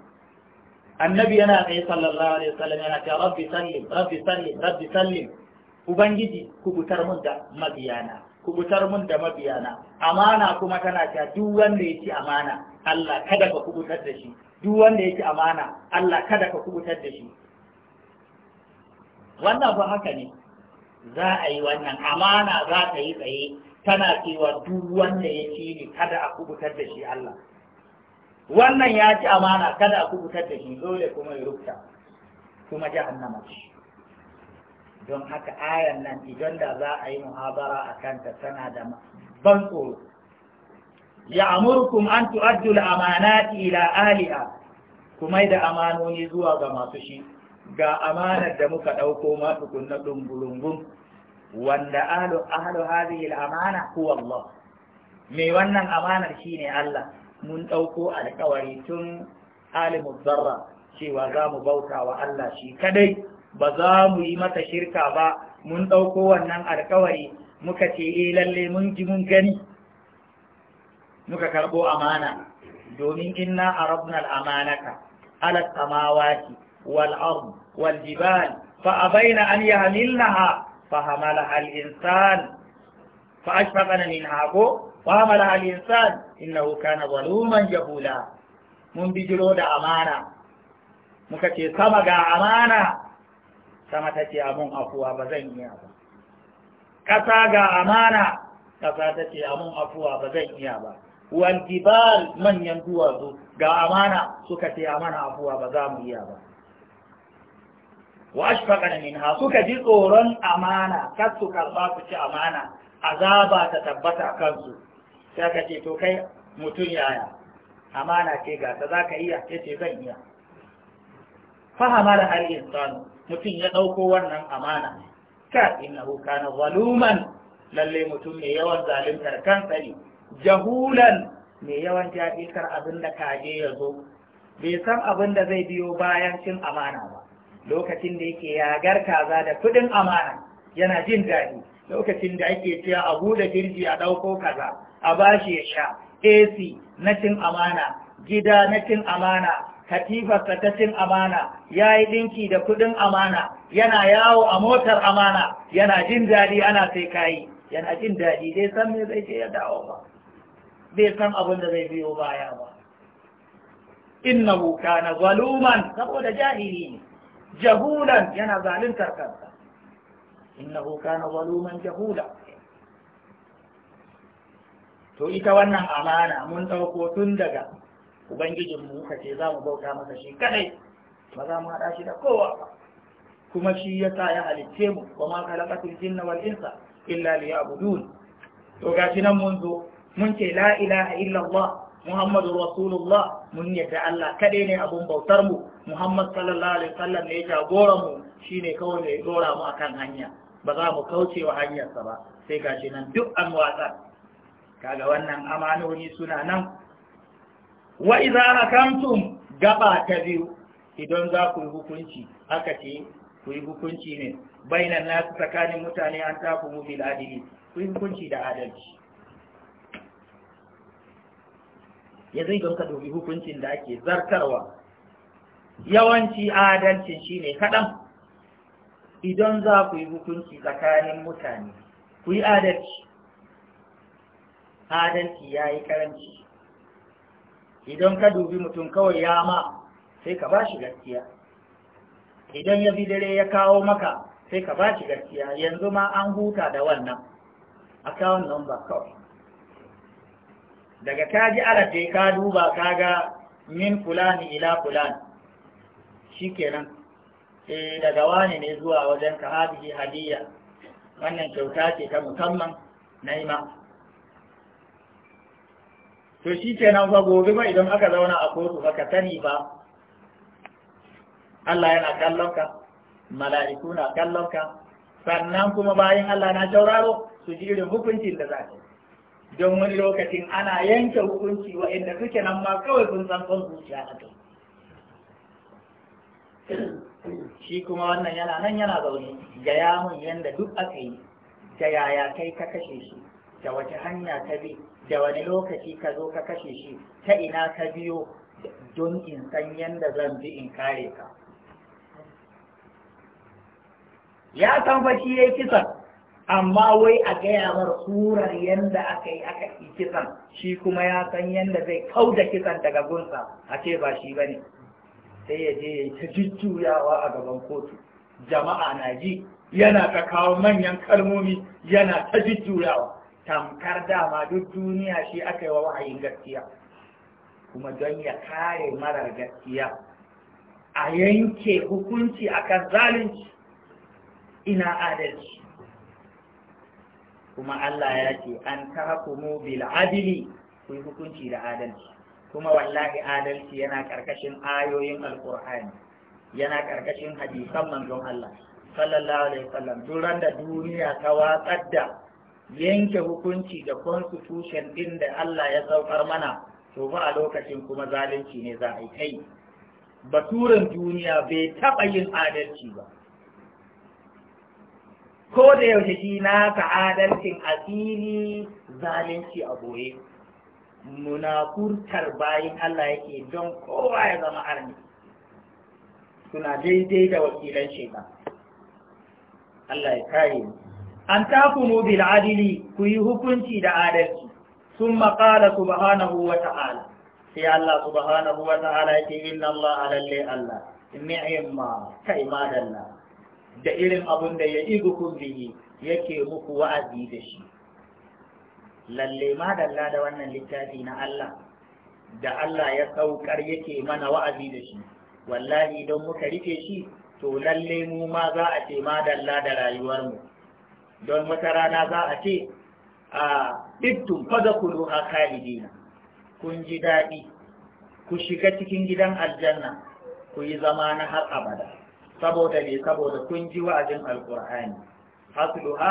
annabi yana tsaye sallallahu alaihi wasallam yana cewa rabbi sallim rabbi sallim rabbi sallim ubangiji kubutar mun da mabiyana kubutar mun da mabiyana amana kuma tana cewa duk wanda ya ci amana Allah kada ka kubutar da shi duk wanda ya ci amana Allah kada ka kubutar da shi wannan ba haka ne za a yi wannan amana za ta yi tsaye tana cewa duk wanda ya ci ne kada a kubutar da shi Allah wannan ya ci amana kada a kubutar da shi dole kuma ya rubuta kuma jahannama ce don haka ayan nan idan da za a yi muhabara a kanta tana da ban tsoro ya amurkum an tu'addu al-amanati ila ahliha kuma da amanoni zuwa ga masu shi ga amanar da muka ɗauko masu kunna ɗungurungun wanda ahlu hadhihi al-amana huwa Allah me wannan amanar shine Allah mun ɗauko alƙawari tun alimu zarra cewa za mu bauta wa Allah shi kadai ba za mu yi mata shirka ba mun ɗauko wannan alƙawari muka ce eh lalle mun ji mun gani muka karɓo amana domin inna arabna al-amanata ala samawati والأرض والجبال فأبين أن يهملنها فهملها الإنسان فأشفقنا منها فهملها الإنسان إنه كان ظلوما جهولا من بجلود أمانة مكتشي سمق أمانة سمتشي أمون أفوها بزيني أبا كساق أمانة كساتشي أمون أفوها بزيني أبا والجبال من ينقوذ قا أمانة سكتي أمانة أفوها بزامي أبا wa ashfaqana minha suka ji tsoron amana kar su karba su ci amana azaba ta tabbata kansu sai ka ce to kai mutum yaya amana ce ga ta zaka iya ce ce zan iya fahamar hal insanu mutum ya dauko wannan amana ka innahu kana zaluman lalle mutum ne yawan zalimtar kansa ne jahulan mai yawan jahilkar abin da kaje ya zo bai san abin da zai biyo bayan cin amana ba lokacin da yake yagar kaza da kudin amana yana jin daɗi lokacin da ake cewa a bude girji a ɗauko kaza a bashi ya sha AC na cin amana gida na cin amana katifarsa ta cin amana ya yi ɗinki da kuɗin amana yana yawo a motar amana yana jin daɗi ana sai kayi yana jin daɗi dai san me zai ce ya dawo ba bai san abin da zai biyo baya ba innahu kana zaluman saboda jahili ne jahulan yana zaluntar kansa إنه كان ظلوما جهولا to ita wannan amana mun ɗauko tun daga ubangijin mu ka ce za mu bauta masa shi kadai ba za mu haɗa shi da kowa ba kuma shi ya sa ya halicce mu wa ma khalaqatul jinna wal insa illa liya'budun to gashi nan mun zo mun ce la ilaha illallah Muhammadu Rasulullah mun yadda Allah kaɗai ne abun bautar mu Muhammad sallallahu alaihi wasallam ne ya jagora mu shine kawai mai dora mu akan hanya ba za mu kauce wa hanyarsa ba sai gashi nan duk an watsa kaga wannan amanoni suna nan wa idza hakamtum gaba ta biyu idan za ku yi hukunci aka ce ku yi hukunci ne bainan nasu tsakanin mutane an tafi mu bil ku yi hukunci da adalci zai don ka dubi hukuncin da ake zartarwa yawanci adalcin shi ne kaɗan idan za ku yi hukunci tsakanin mutane ku yi adalci adalci ya yi karanci idan ka dubi mutum kawai ya ma sai ka ba shi gaskiya idan ya bi dare ya kawo maka sai ka ba shi gaskiya yanzu ma an huta da wannan nan ba kawai daga kaji ji alatai ka duba ka ga min fulani ila fulani shi kenan e eh, daga wani ne zuwa wajen ka hadihi hadiyya wannan kyauta ce ta musamman na ima to shi kenan fa gobe ba idan aka zauna a kotu ba ka sani ba Allah yana kallon ka mala'iku na kallon ka sannan kuma bayan Allah na shauraro su ji irin hukuncin da za ka yi don wani lokacin ana yanke hukunci waɗanda suke nan ma kawai kun san son zuciya a kai shi kuma wannan yana nan yana zaune gaya mun yadda duk aka yi da yaya kai ka kashe shi da wace hanya ka bi da wani lokaci ka zo ka kashe shi ta ina ka biyo don in san yadda zan bi in kare ka ya san fashi shi yi kisan amma wai a gaya mar surar yadda aka yi aka yi kisan shi kuma ya san yadda zai kau da kisan daga gunsa a ce ba shi ba ne sai ya je ya yi ta jujjuyawa a gaban kotu jama'a na ji yana ta kawo manyan kalmomi yana ta jujjuyawa tamkar dama duk duniya shi aka yi wa wahayin gaskiya kuma don ya kare marar gaskiya a yanke hukunci akan zalunci ina adalci kuma Allah ya ce an tahkumu bil adli ku yi hukunci da adalci kuma wallahi adalci yana karkashin ayoyin alqur'ani yana karkashin hadisan manzon Allah sallallahu alaihi wasallam duran da duniya ta watsar da yanke hukunci da constitution din da Allah ya saukar mana to ba a lokacin kuma zalunci ne za a yi kai baturan duniya bai taɓa yin adalci ba ko da yaushe shi na ka adalcin a fili zalunci a boye munafurtar bayin Allah yake don kowa ya zama arni suna daidai da wakilan shaitan Allah ya kare mu an mu bil adili ku yi hukunci da adalci Sun ثم قال سبحانه وتعالى sai Allah subhanahu wa ta'ala yake inna Allah alalle Allah ni'ma kai ma da irin abun da ya izukun biyi yake muku wa'azi da shi lalle madalla da wannan littafi na Allah da Allah ya saukar yake mana wa'azi da shi wallahi don muka rike shi to lalle mu ma za a ce madalla da rayuwarmu don wata rana za a ce a ittun fadakulu a kalidina kun ji daɗi ku shiga cikin gidan aljanna ku yi zama na har abada saboda ne saboda kun ji wa'azin alkur'ani hasluha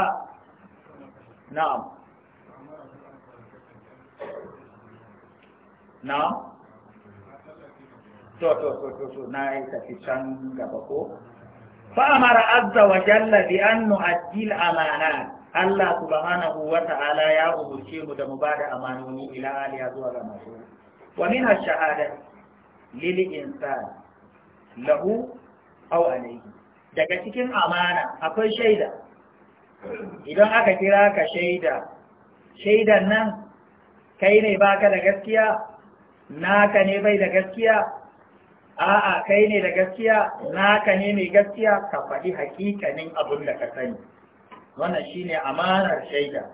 na'am na'am to to to to to na yi tafi can gaba ko فأمر عز وجل بأن نؤدي الأمانات الله سبحانه وتعالى يا أبوشيم دمبار أمانوني إلى آل يزوى ومنها الشهادة للإنسان له au alaihi daga cikin amana akwai shaida idan aka kira ka shaida shaidan nan kai ne baka da gaskiya naka ne bai da gaskiya a'a kai ne da gaskiya naka ne mai gaskiya ka faɗi hakikanin abin da ka sani wannan shine amanar shaida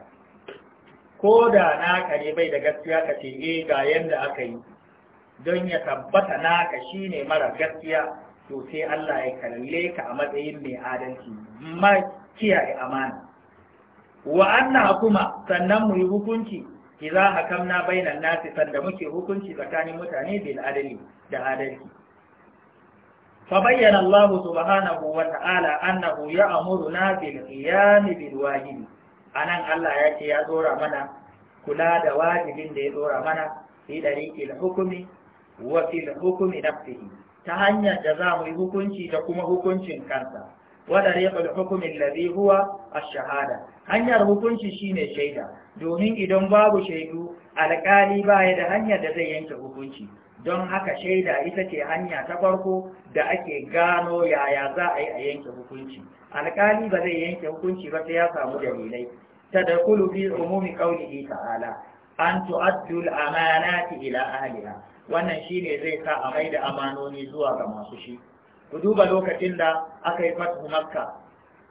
ko da naka ne bai da gaskiya ka ce eh, ga yanda aka yi don ya tabbata naka shine mara gaskiya to sai Allah ya kalle ka a matsayin mai adalci ma kiyaye amana wa anna kuma sannan mu yi hukunci idza hakamna bainan nasi sanda muke hukunci tsakanin mutane bil adali da adalci fa bayyana Allah subhanahu wa ta'ala annahu ya'muruna bil qiyam bil wajib anan Allah ya ce ya dora mana kula da wajibin da ya dora mana fi dariqil hukmi wa fil hukmi nafsihi ta hanyar da za mu yi hukunci da kuma hukuncin kansa wada hukumin hukmi zai huwa ash-shahada hanyar hukunci shine shaida domin idan babu shaidu alƙali baya da hanyar da zai yanke hukunci don haka shaida ita ce hanya ta farko da ake gano yaya za a yi a yanke hukunci alƙali ba zai yanke hukunci ba sai ya samu dalilai Ta da tadakulu fi umumi ta ta'ala an tu'addu al-amanati ila ahliha wannan shine zai sa a maida amanoni zuwa ga masu shi ku duba lokacin da aka yi fathu makka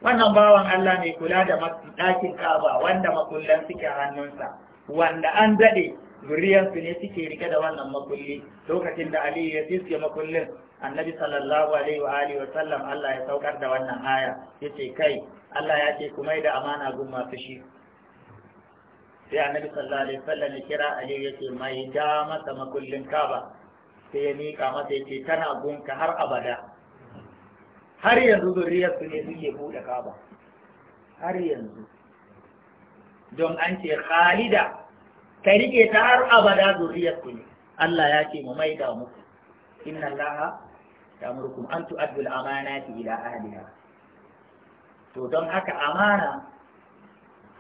wannan bawan Allah mai kula da dakin Ka'aba wanda makullan suke hannunsa wanda an dade su ne suke rike da wannan makulli lokacin da Ali ya fiske makullin annabi sallallahu alaihi wa alihi wa sallam Allah ya saukar da wannan aya yace kai Allah ya ce ku maida amana gun masu shi sai annabi sallallahu alaihi wasallam ya kira ali ya ce mai da masa makullin kaba sai ya miƙa masa ya tana gunka har abada har yanzu zuriyar su ne suke buɗe kaba har yanzu don an ce khalida ta rike ta har abada zuriyar ku ne Allah ya ce mu mai da muku inna Allah ta'murukum an tu'addu al-amanati ila ahliha to don haka amana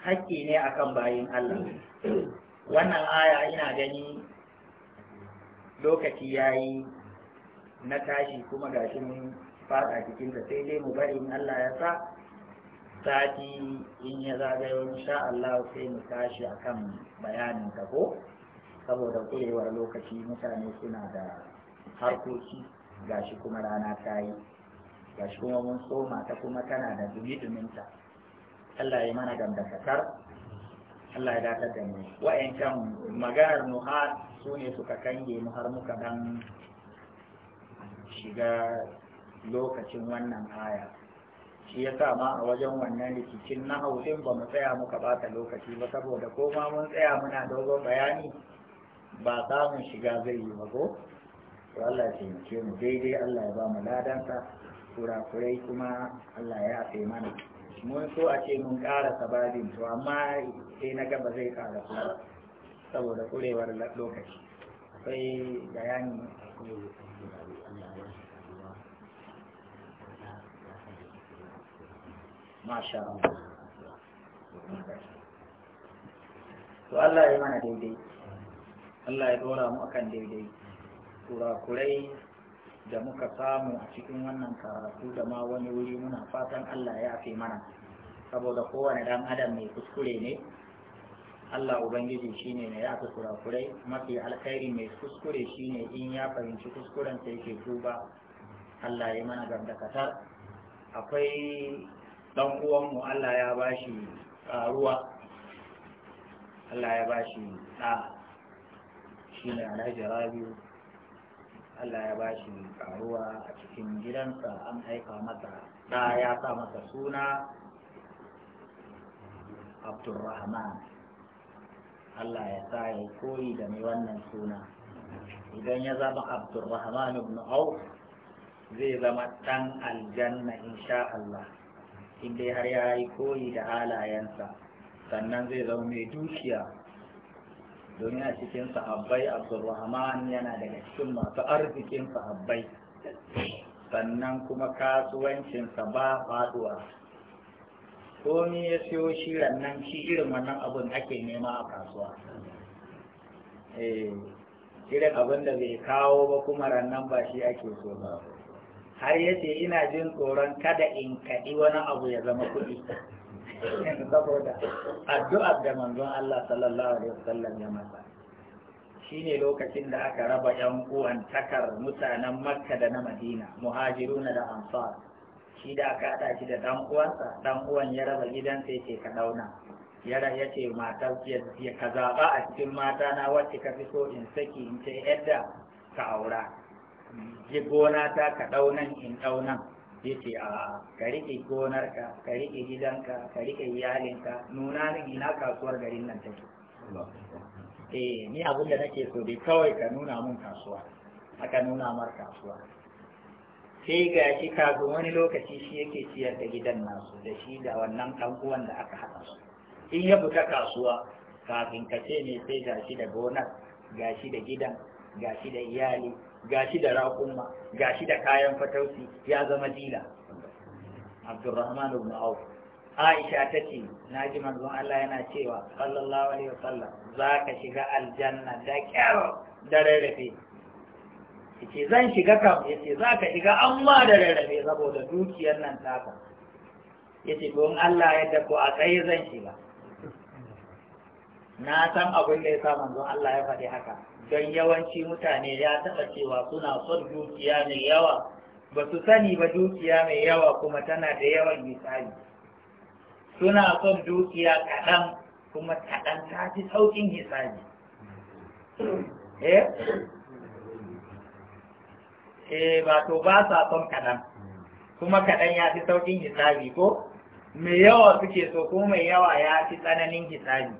hakki ne akan bayin Allah wannan aya ina gani lokaci ya yi na tashi kuma ga shi mun fada cikin ta sai dai mu bari in Allah ya sa sati in ya zagayo insha Allah sai mu tashi akan bayanin ta ko saboda kurewar lokaci mutane suna da harkoki ga shi kuma rana ta yi gashi kuma mun soma ta kuma tana da dumi-duminta Allah ya mana dangantakar Allah ya datar da mu wa'ancan maganar nuha su ne suka kange mu har muka dan shiga lokacin wannan aya shi ya sa ma a wajen wannan rikicin na Hausin ba mu tsaya muka bata lokaci ba saboda ko ma mun tsaya muna dogon bayani ba samun shiga zai yi ba ko to Allah ya taimake mu daidai Allah ya ba mu ladansa kurakurai kuma Allah ya afe mana mun so a ce mun ƙara sababin to amma sai na gaba zai ƙara kuma saboda ƙurewar lokaci sai bayani masha to Allah ya mana daidai Allah ya dora mu akan daidai kura-kurai. da muka samu a cikin wannan karatu da ma wani wuri muna fatan Allah ya fi mana saboda kowane dan adam mai kuskure ne Allah Ubangiji shine ya fi kurakurai mafi alkhairi mai kuskure shine in ya fahimci kuskuren sai ke tuba Allah ya mana gardakatar akwai dan uwanmu Allah ya bashi karuwa Allah ya bashi da shine Alhaji Rabiu Allah ya ba shi karuwa a cikin gidansa an aika masa da ya sa masa suna Rahman. Allah ya sa ya koyi da mai wannan suna idan ya zama abdurrahman ibn Auf zai zama ɗan aljanna insha Allah inda har ya yi koyi da halayensa sannan zai zama mai dukiya domin a cikin sahabbai abdurrahman yana daga cikin masu arzikin sahabbai sannan kuma kasuwancinsa ba faduwa komi ya siyo shi rannan shi irin wannan abun ake nema a kasuwa eh irin abin da bai kawo ba kuma rannan ba shi ake so ba har yace ina jin tsoron kada in kadi wani abu ya zama kuɗi saboda addu'ar da manzon Allah sallallahu alaihi wasallam ya masa shine lokacin da aka raba yan uwan takar mutanen Makka da na Madina muhajiruna da ansar shi da aka hada shi da dan uwansa dan uwan ya raba gidansa yake ka dauna yara ya ce mata ya ka zaba a cikin mata na wacce ka fi so in saki in ce yadda ka aura ji gona ta ka daunan in daunan yace a ka riƙe gonarka ka riƙe gidanka ka riƙe iyalinka nuna min ina kasuwar garin nan take eh ni abin da nake so dai kawai ka nuna mun kasuwa aka nuna mar kasuwa sai ga shi kafin wani lokaci shi yake ciyar da gidan nasu da shi da wannan ɗan da aka haɗa su in ya fita kasuwa kafin ka ce ne sai ga shi da gonar ga shi da gidan ga shi da iyali gashi da raƙumma gashi da kayan fatausi ya zama dila abdurrahman ibn auf aisha ta ce na ji manzon Allah yana cewa sallallahu alaihi wasallam za ka shiga aljanna da kyar da rarrafe yace zan shiga kam yace za ka shiga amma da rarrafe saboda dukiyar nan taka yace don Allah ya dako a tsaye zan shiga na san abin da ya sa manzo Allah ya faɗi haka don yawanci mutane ya taɓa cewa suna son dukiya mai yawa ba su sani ba dukiya mai yawa kuma tana da yawan misali suna son dukiya kaɗan kuma kaɗan ta fi sauƙin hisabi eh eh ba to ba sa son kaɗan kuma kaɗan ya fi sauƙin hisabi ko mai yawa suke so kuma mai yawa ya fi tsananin hisabi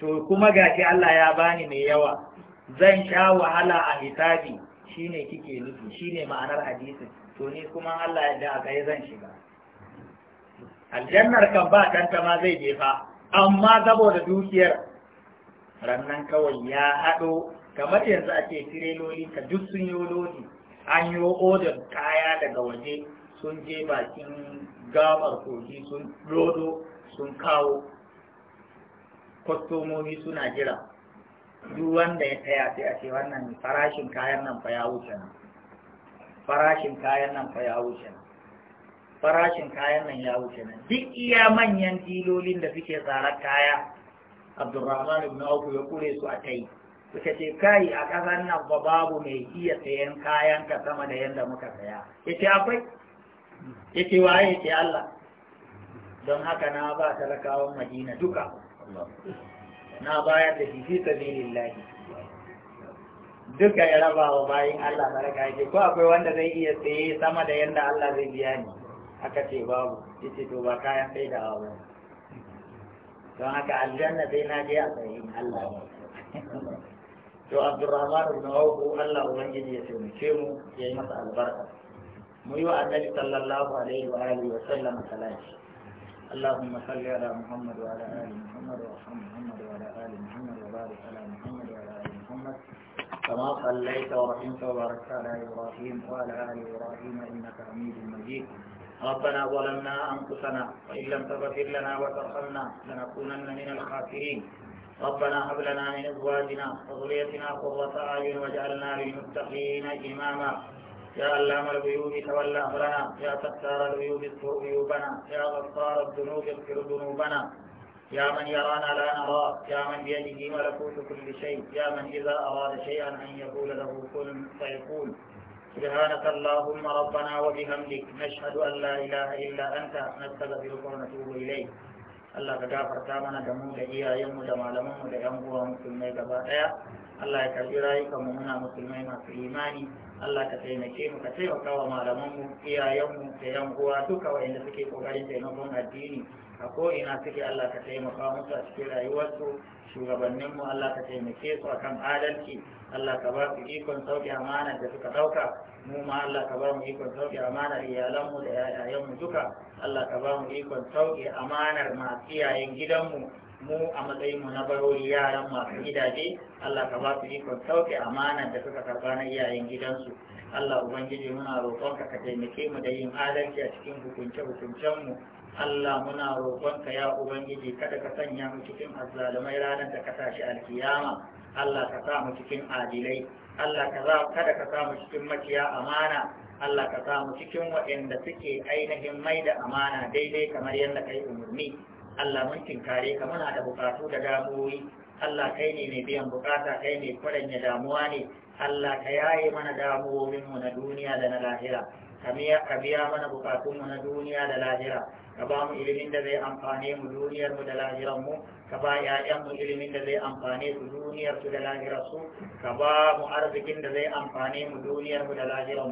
to kuma gashi Allah ya bani mai yawa zan sha wahala a hisabi shine kike nufi shine ma'anar hadisin to ni kuma Allah yadda a kai zan shiga aljannar kan ba kanta ma zai jefa amma saboda dukiyar rannan kawai ya haɗo kamar yanzu ake tireloli ka duk sun yi lodi an yi odar kaya daga waje sun je bakin gabar kogi sun rodo sun kawo kwastomomi suna jira duk wanda ya taya sai a ce wannan farashin kayan nan fa ya wuce nan farashin kayan nan fa ya wuce nan farashin kayan nan ya wuce nan duk iya manyan dilolin da suke tsarar kaya abdurrahman ibn auf ya kure su a kai suka ce kai a ƙasar nan ba babu mai iya sayan kayan ka sama da yanda muka saya yace akwai yace waye yace Allah don haka na ba talakawan Madina duka na bayar da shi fi sabilillah duka ya raba wa bayin Allah baraka yake ko akwai wanda zai iya tsaye sama da yanda Allah zai biya ni aka ce babu yace to ba kayan sai da ba. don haka aljanna zai na je a tsaye Allah to Abdurrahman ibn Auf Allah ubangiji ya taimake mu ya yi masa albarka mu yi wa Annabi sallallahu alaihi wa alihi wa sallam salati اللهم صل على محمد وعلى آل محمد وارحم محمد وعلى آل محمد وبارك على محمد وعلى آل محمد كما صليت ورحمت وباركت على إبراهيم وعلى آل إبراهيم إنك حميد مجيد ربنا ظلمنا أنفسنا وإن لم تغفر لنا وترحمنا لنكونن من الخاسرين ربنا هب لنا من أزواجنا وذريتنا قرة أعين واجعلنا للمتقين إماما يا علام الغيوب تولى أمرنا يا ستار الغيوب استر غيوبنا يا غفار الذنوب اغفر ذنوبنا يا من يرانا لا نرى يا من بيده ملكوت كل شيء يا من إذا أراد شيئا أن يقول له كن فيقول سبحانك اللهم ربنا وبحمدك نشهد أن لا إله إلا أنت نستغفرك ونتوب إليك Allah ka gafarta mana da mu da iyayenmu da malamanmu da 'yan uwa musulmai gaba ɗaya Allah ya karɓi rayukanmu muna musulmai masu imani Allah ka taimake mu ka taimaka wa malamanmu iyayenmu da yan uwa duka waɗanda suke kokarin taimakon addini a ko ina suke Allah ka taimaka musu a cikin rayuwarsu shugabanninmu Allah ka taimake su kan adalci Allah ka ba su ikon sauke amanar da suka ɗauka mu ma Allah ka ba mu ikon sauke amanar iyalanmu da yayayenmu duka Allah ka ba mu ikon sauke amanar masu iyayen gidanmu mu a matsayin mu na barori yaran masu gidaje Allah ka ba su ikon sauke amana da suka karba na iyayen gidansu Allah ubangiji muna roƙonka ka taimake mu da yin adalci a cikin hukunce hukuncen mu Allah muna roƙonka ya ubangiji kada ka sanya mu cikin azzalumai ranar da ka tashi alkiyama Allah ka sa mu cikin adilai Allah ka kada ka sa mu cikin maciya amana Allah ka sa mu cikin waɗanda suke ainihin mai da amana daidai kamar yadda kai umarni Allah mun tinkare ka muna da bukatu da damuwoyi Allah kai ne mai biyan bukata kai ne kwaranya damuwa ne Allah ka yaye mana damuwoyinmu na duniya da na lahira ka biya mana bukatunmu na duniya da lahira ka ba mu ilimin da zai amfane mu duniyar mu da lahirar ka ba 'ya'yanmu mu ilimin da zai amfane su duniyar su da lahirar su ka ba mu arzikin da zai amfane mu duniyar mu da lahirar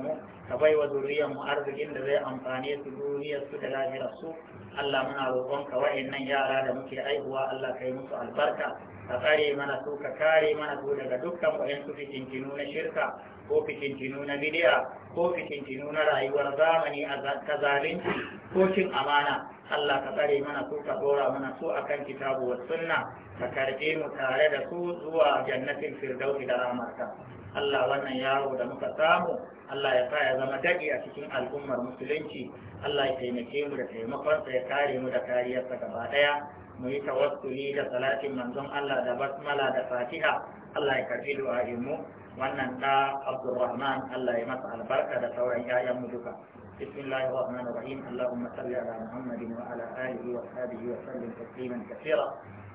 ka bai wa mu arzikin da zai amfane su duniyar su da lahirar su Allah muna roƙonka ka wa'annan yara da muke aihuwa Allah kai musu albarka ka tsare mana su ka kare mana su daga dukkan waɗansu fitintinu na shirka ko fitintinu na bidiya ko fitintinu na rayuwar zamani ta zalunci ko cin amana Allah ka tsare mana su ka dora mana su akan kitabu wa sunna ka karbe mu tare da su zuwa jannatin firdausi da rahmarka Allah wannan yaro da muka samu Allah ya sa ya zama daɗi a cikin al'ummar musulunci Allah ya taimake mu da taimakonsa ya kare mu da kariyarsa gaba ɗaya mu yi tawassuli da salatin manzon Allah da basmala da fatiha Allah ya karbi du'a'in mu wannan da Abdulrahman Allah ya masa albarka da sauran ƴaƴan mu duka bismillahir rahmanir rahim Allahumma salli ala Muhammadin wa ala alihi wa sahbihi wa sallim tasliman katsira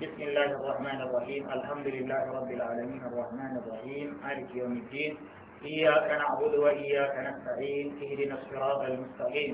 bismillahir rahmanir rahim alhamdulillahi rabbil alamin arrahmanir rahim maliki yawmiddin إياك نعبد وإياك نستعين اهدنا الصراط المستقيم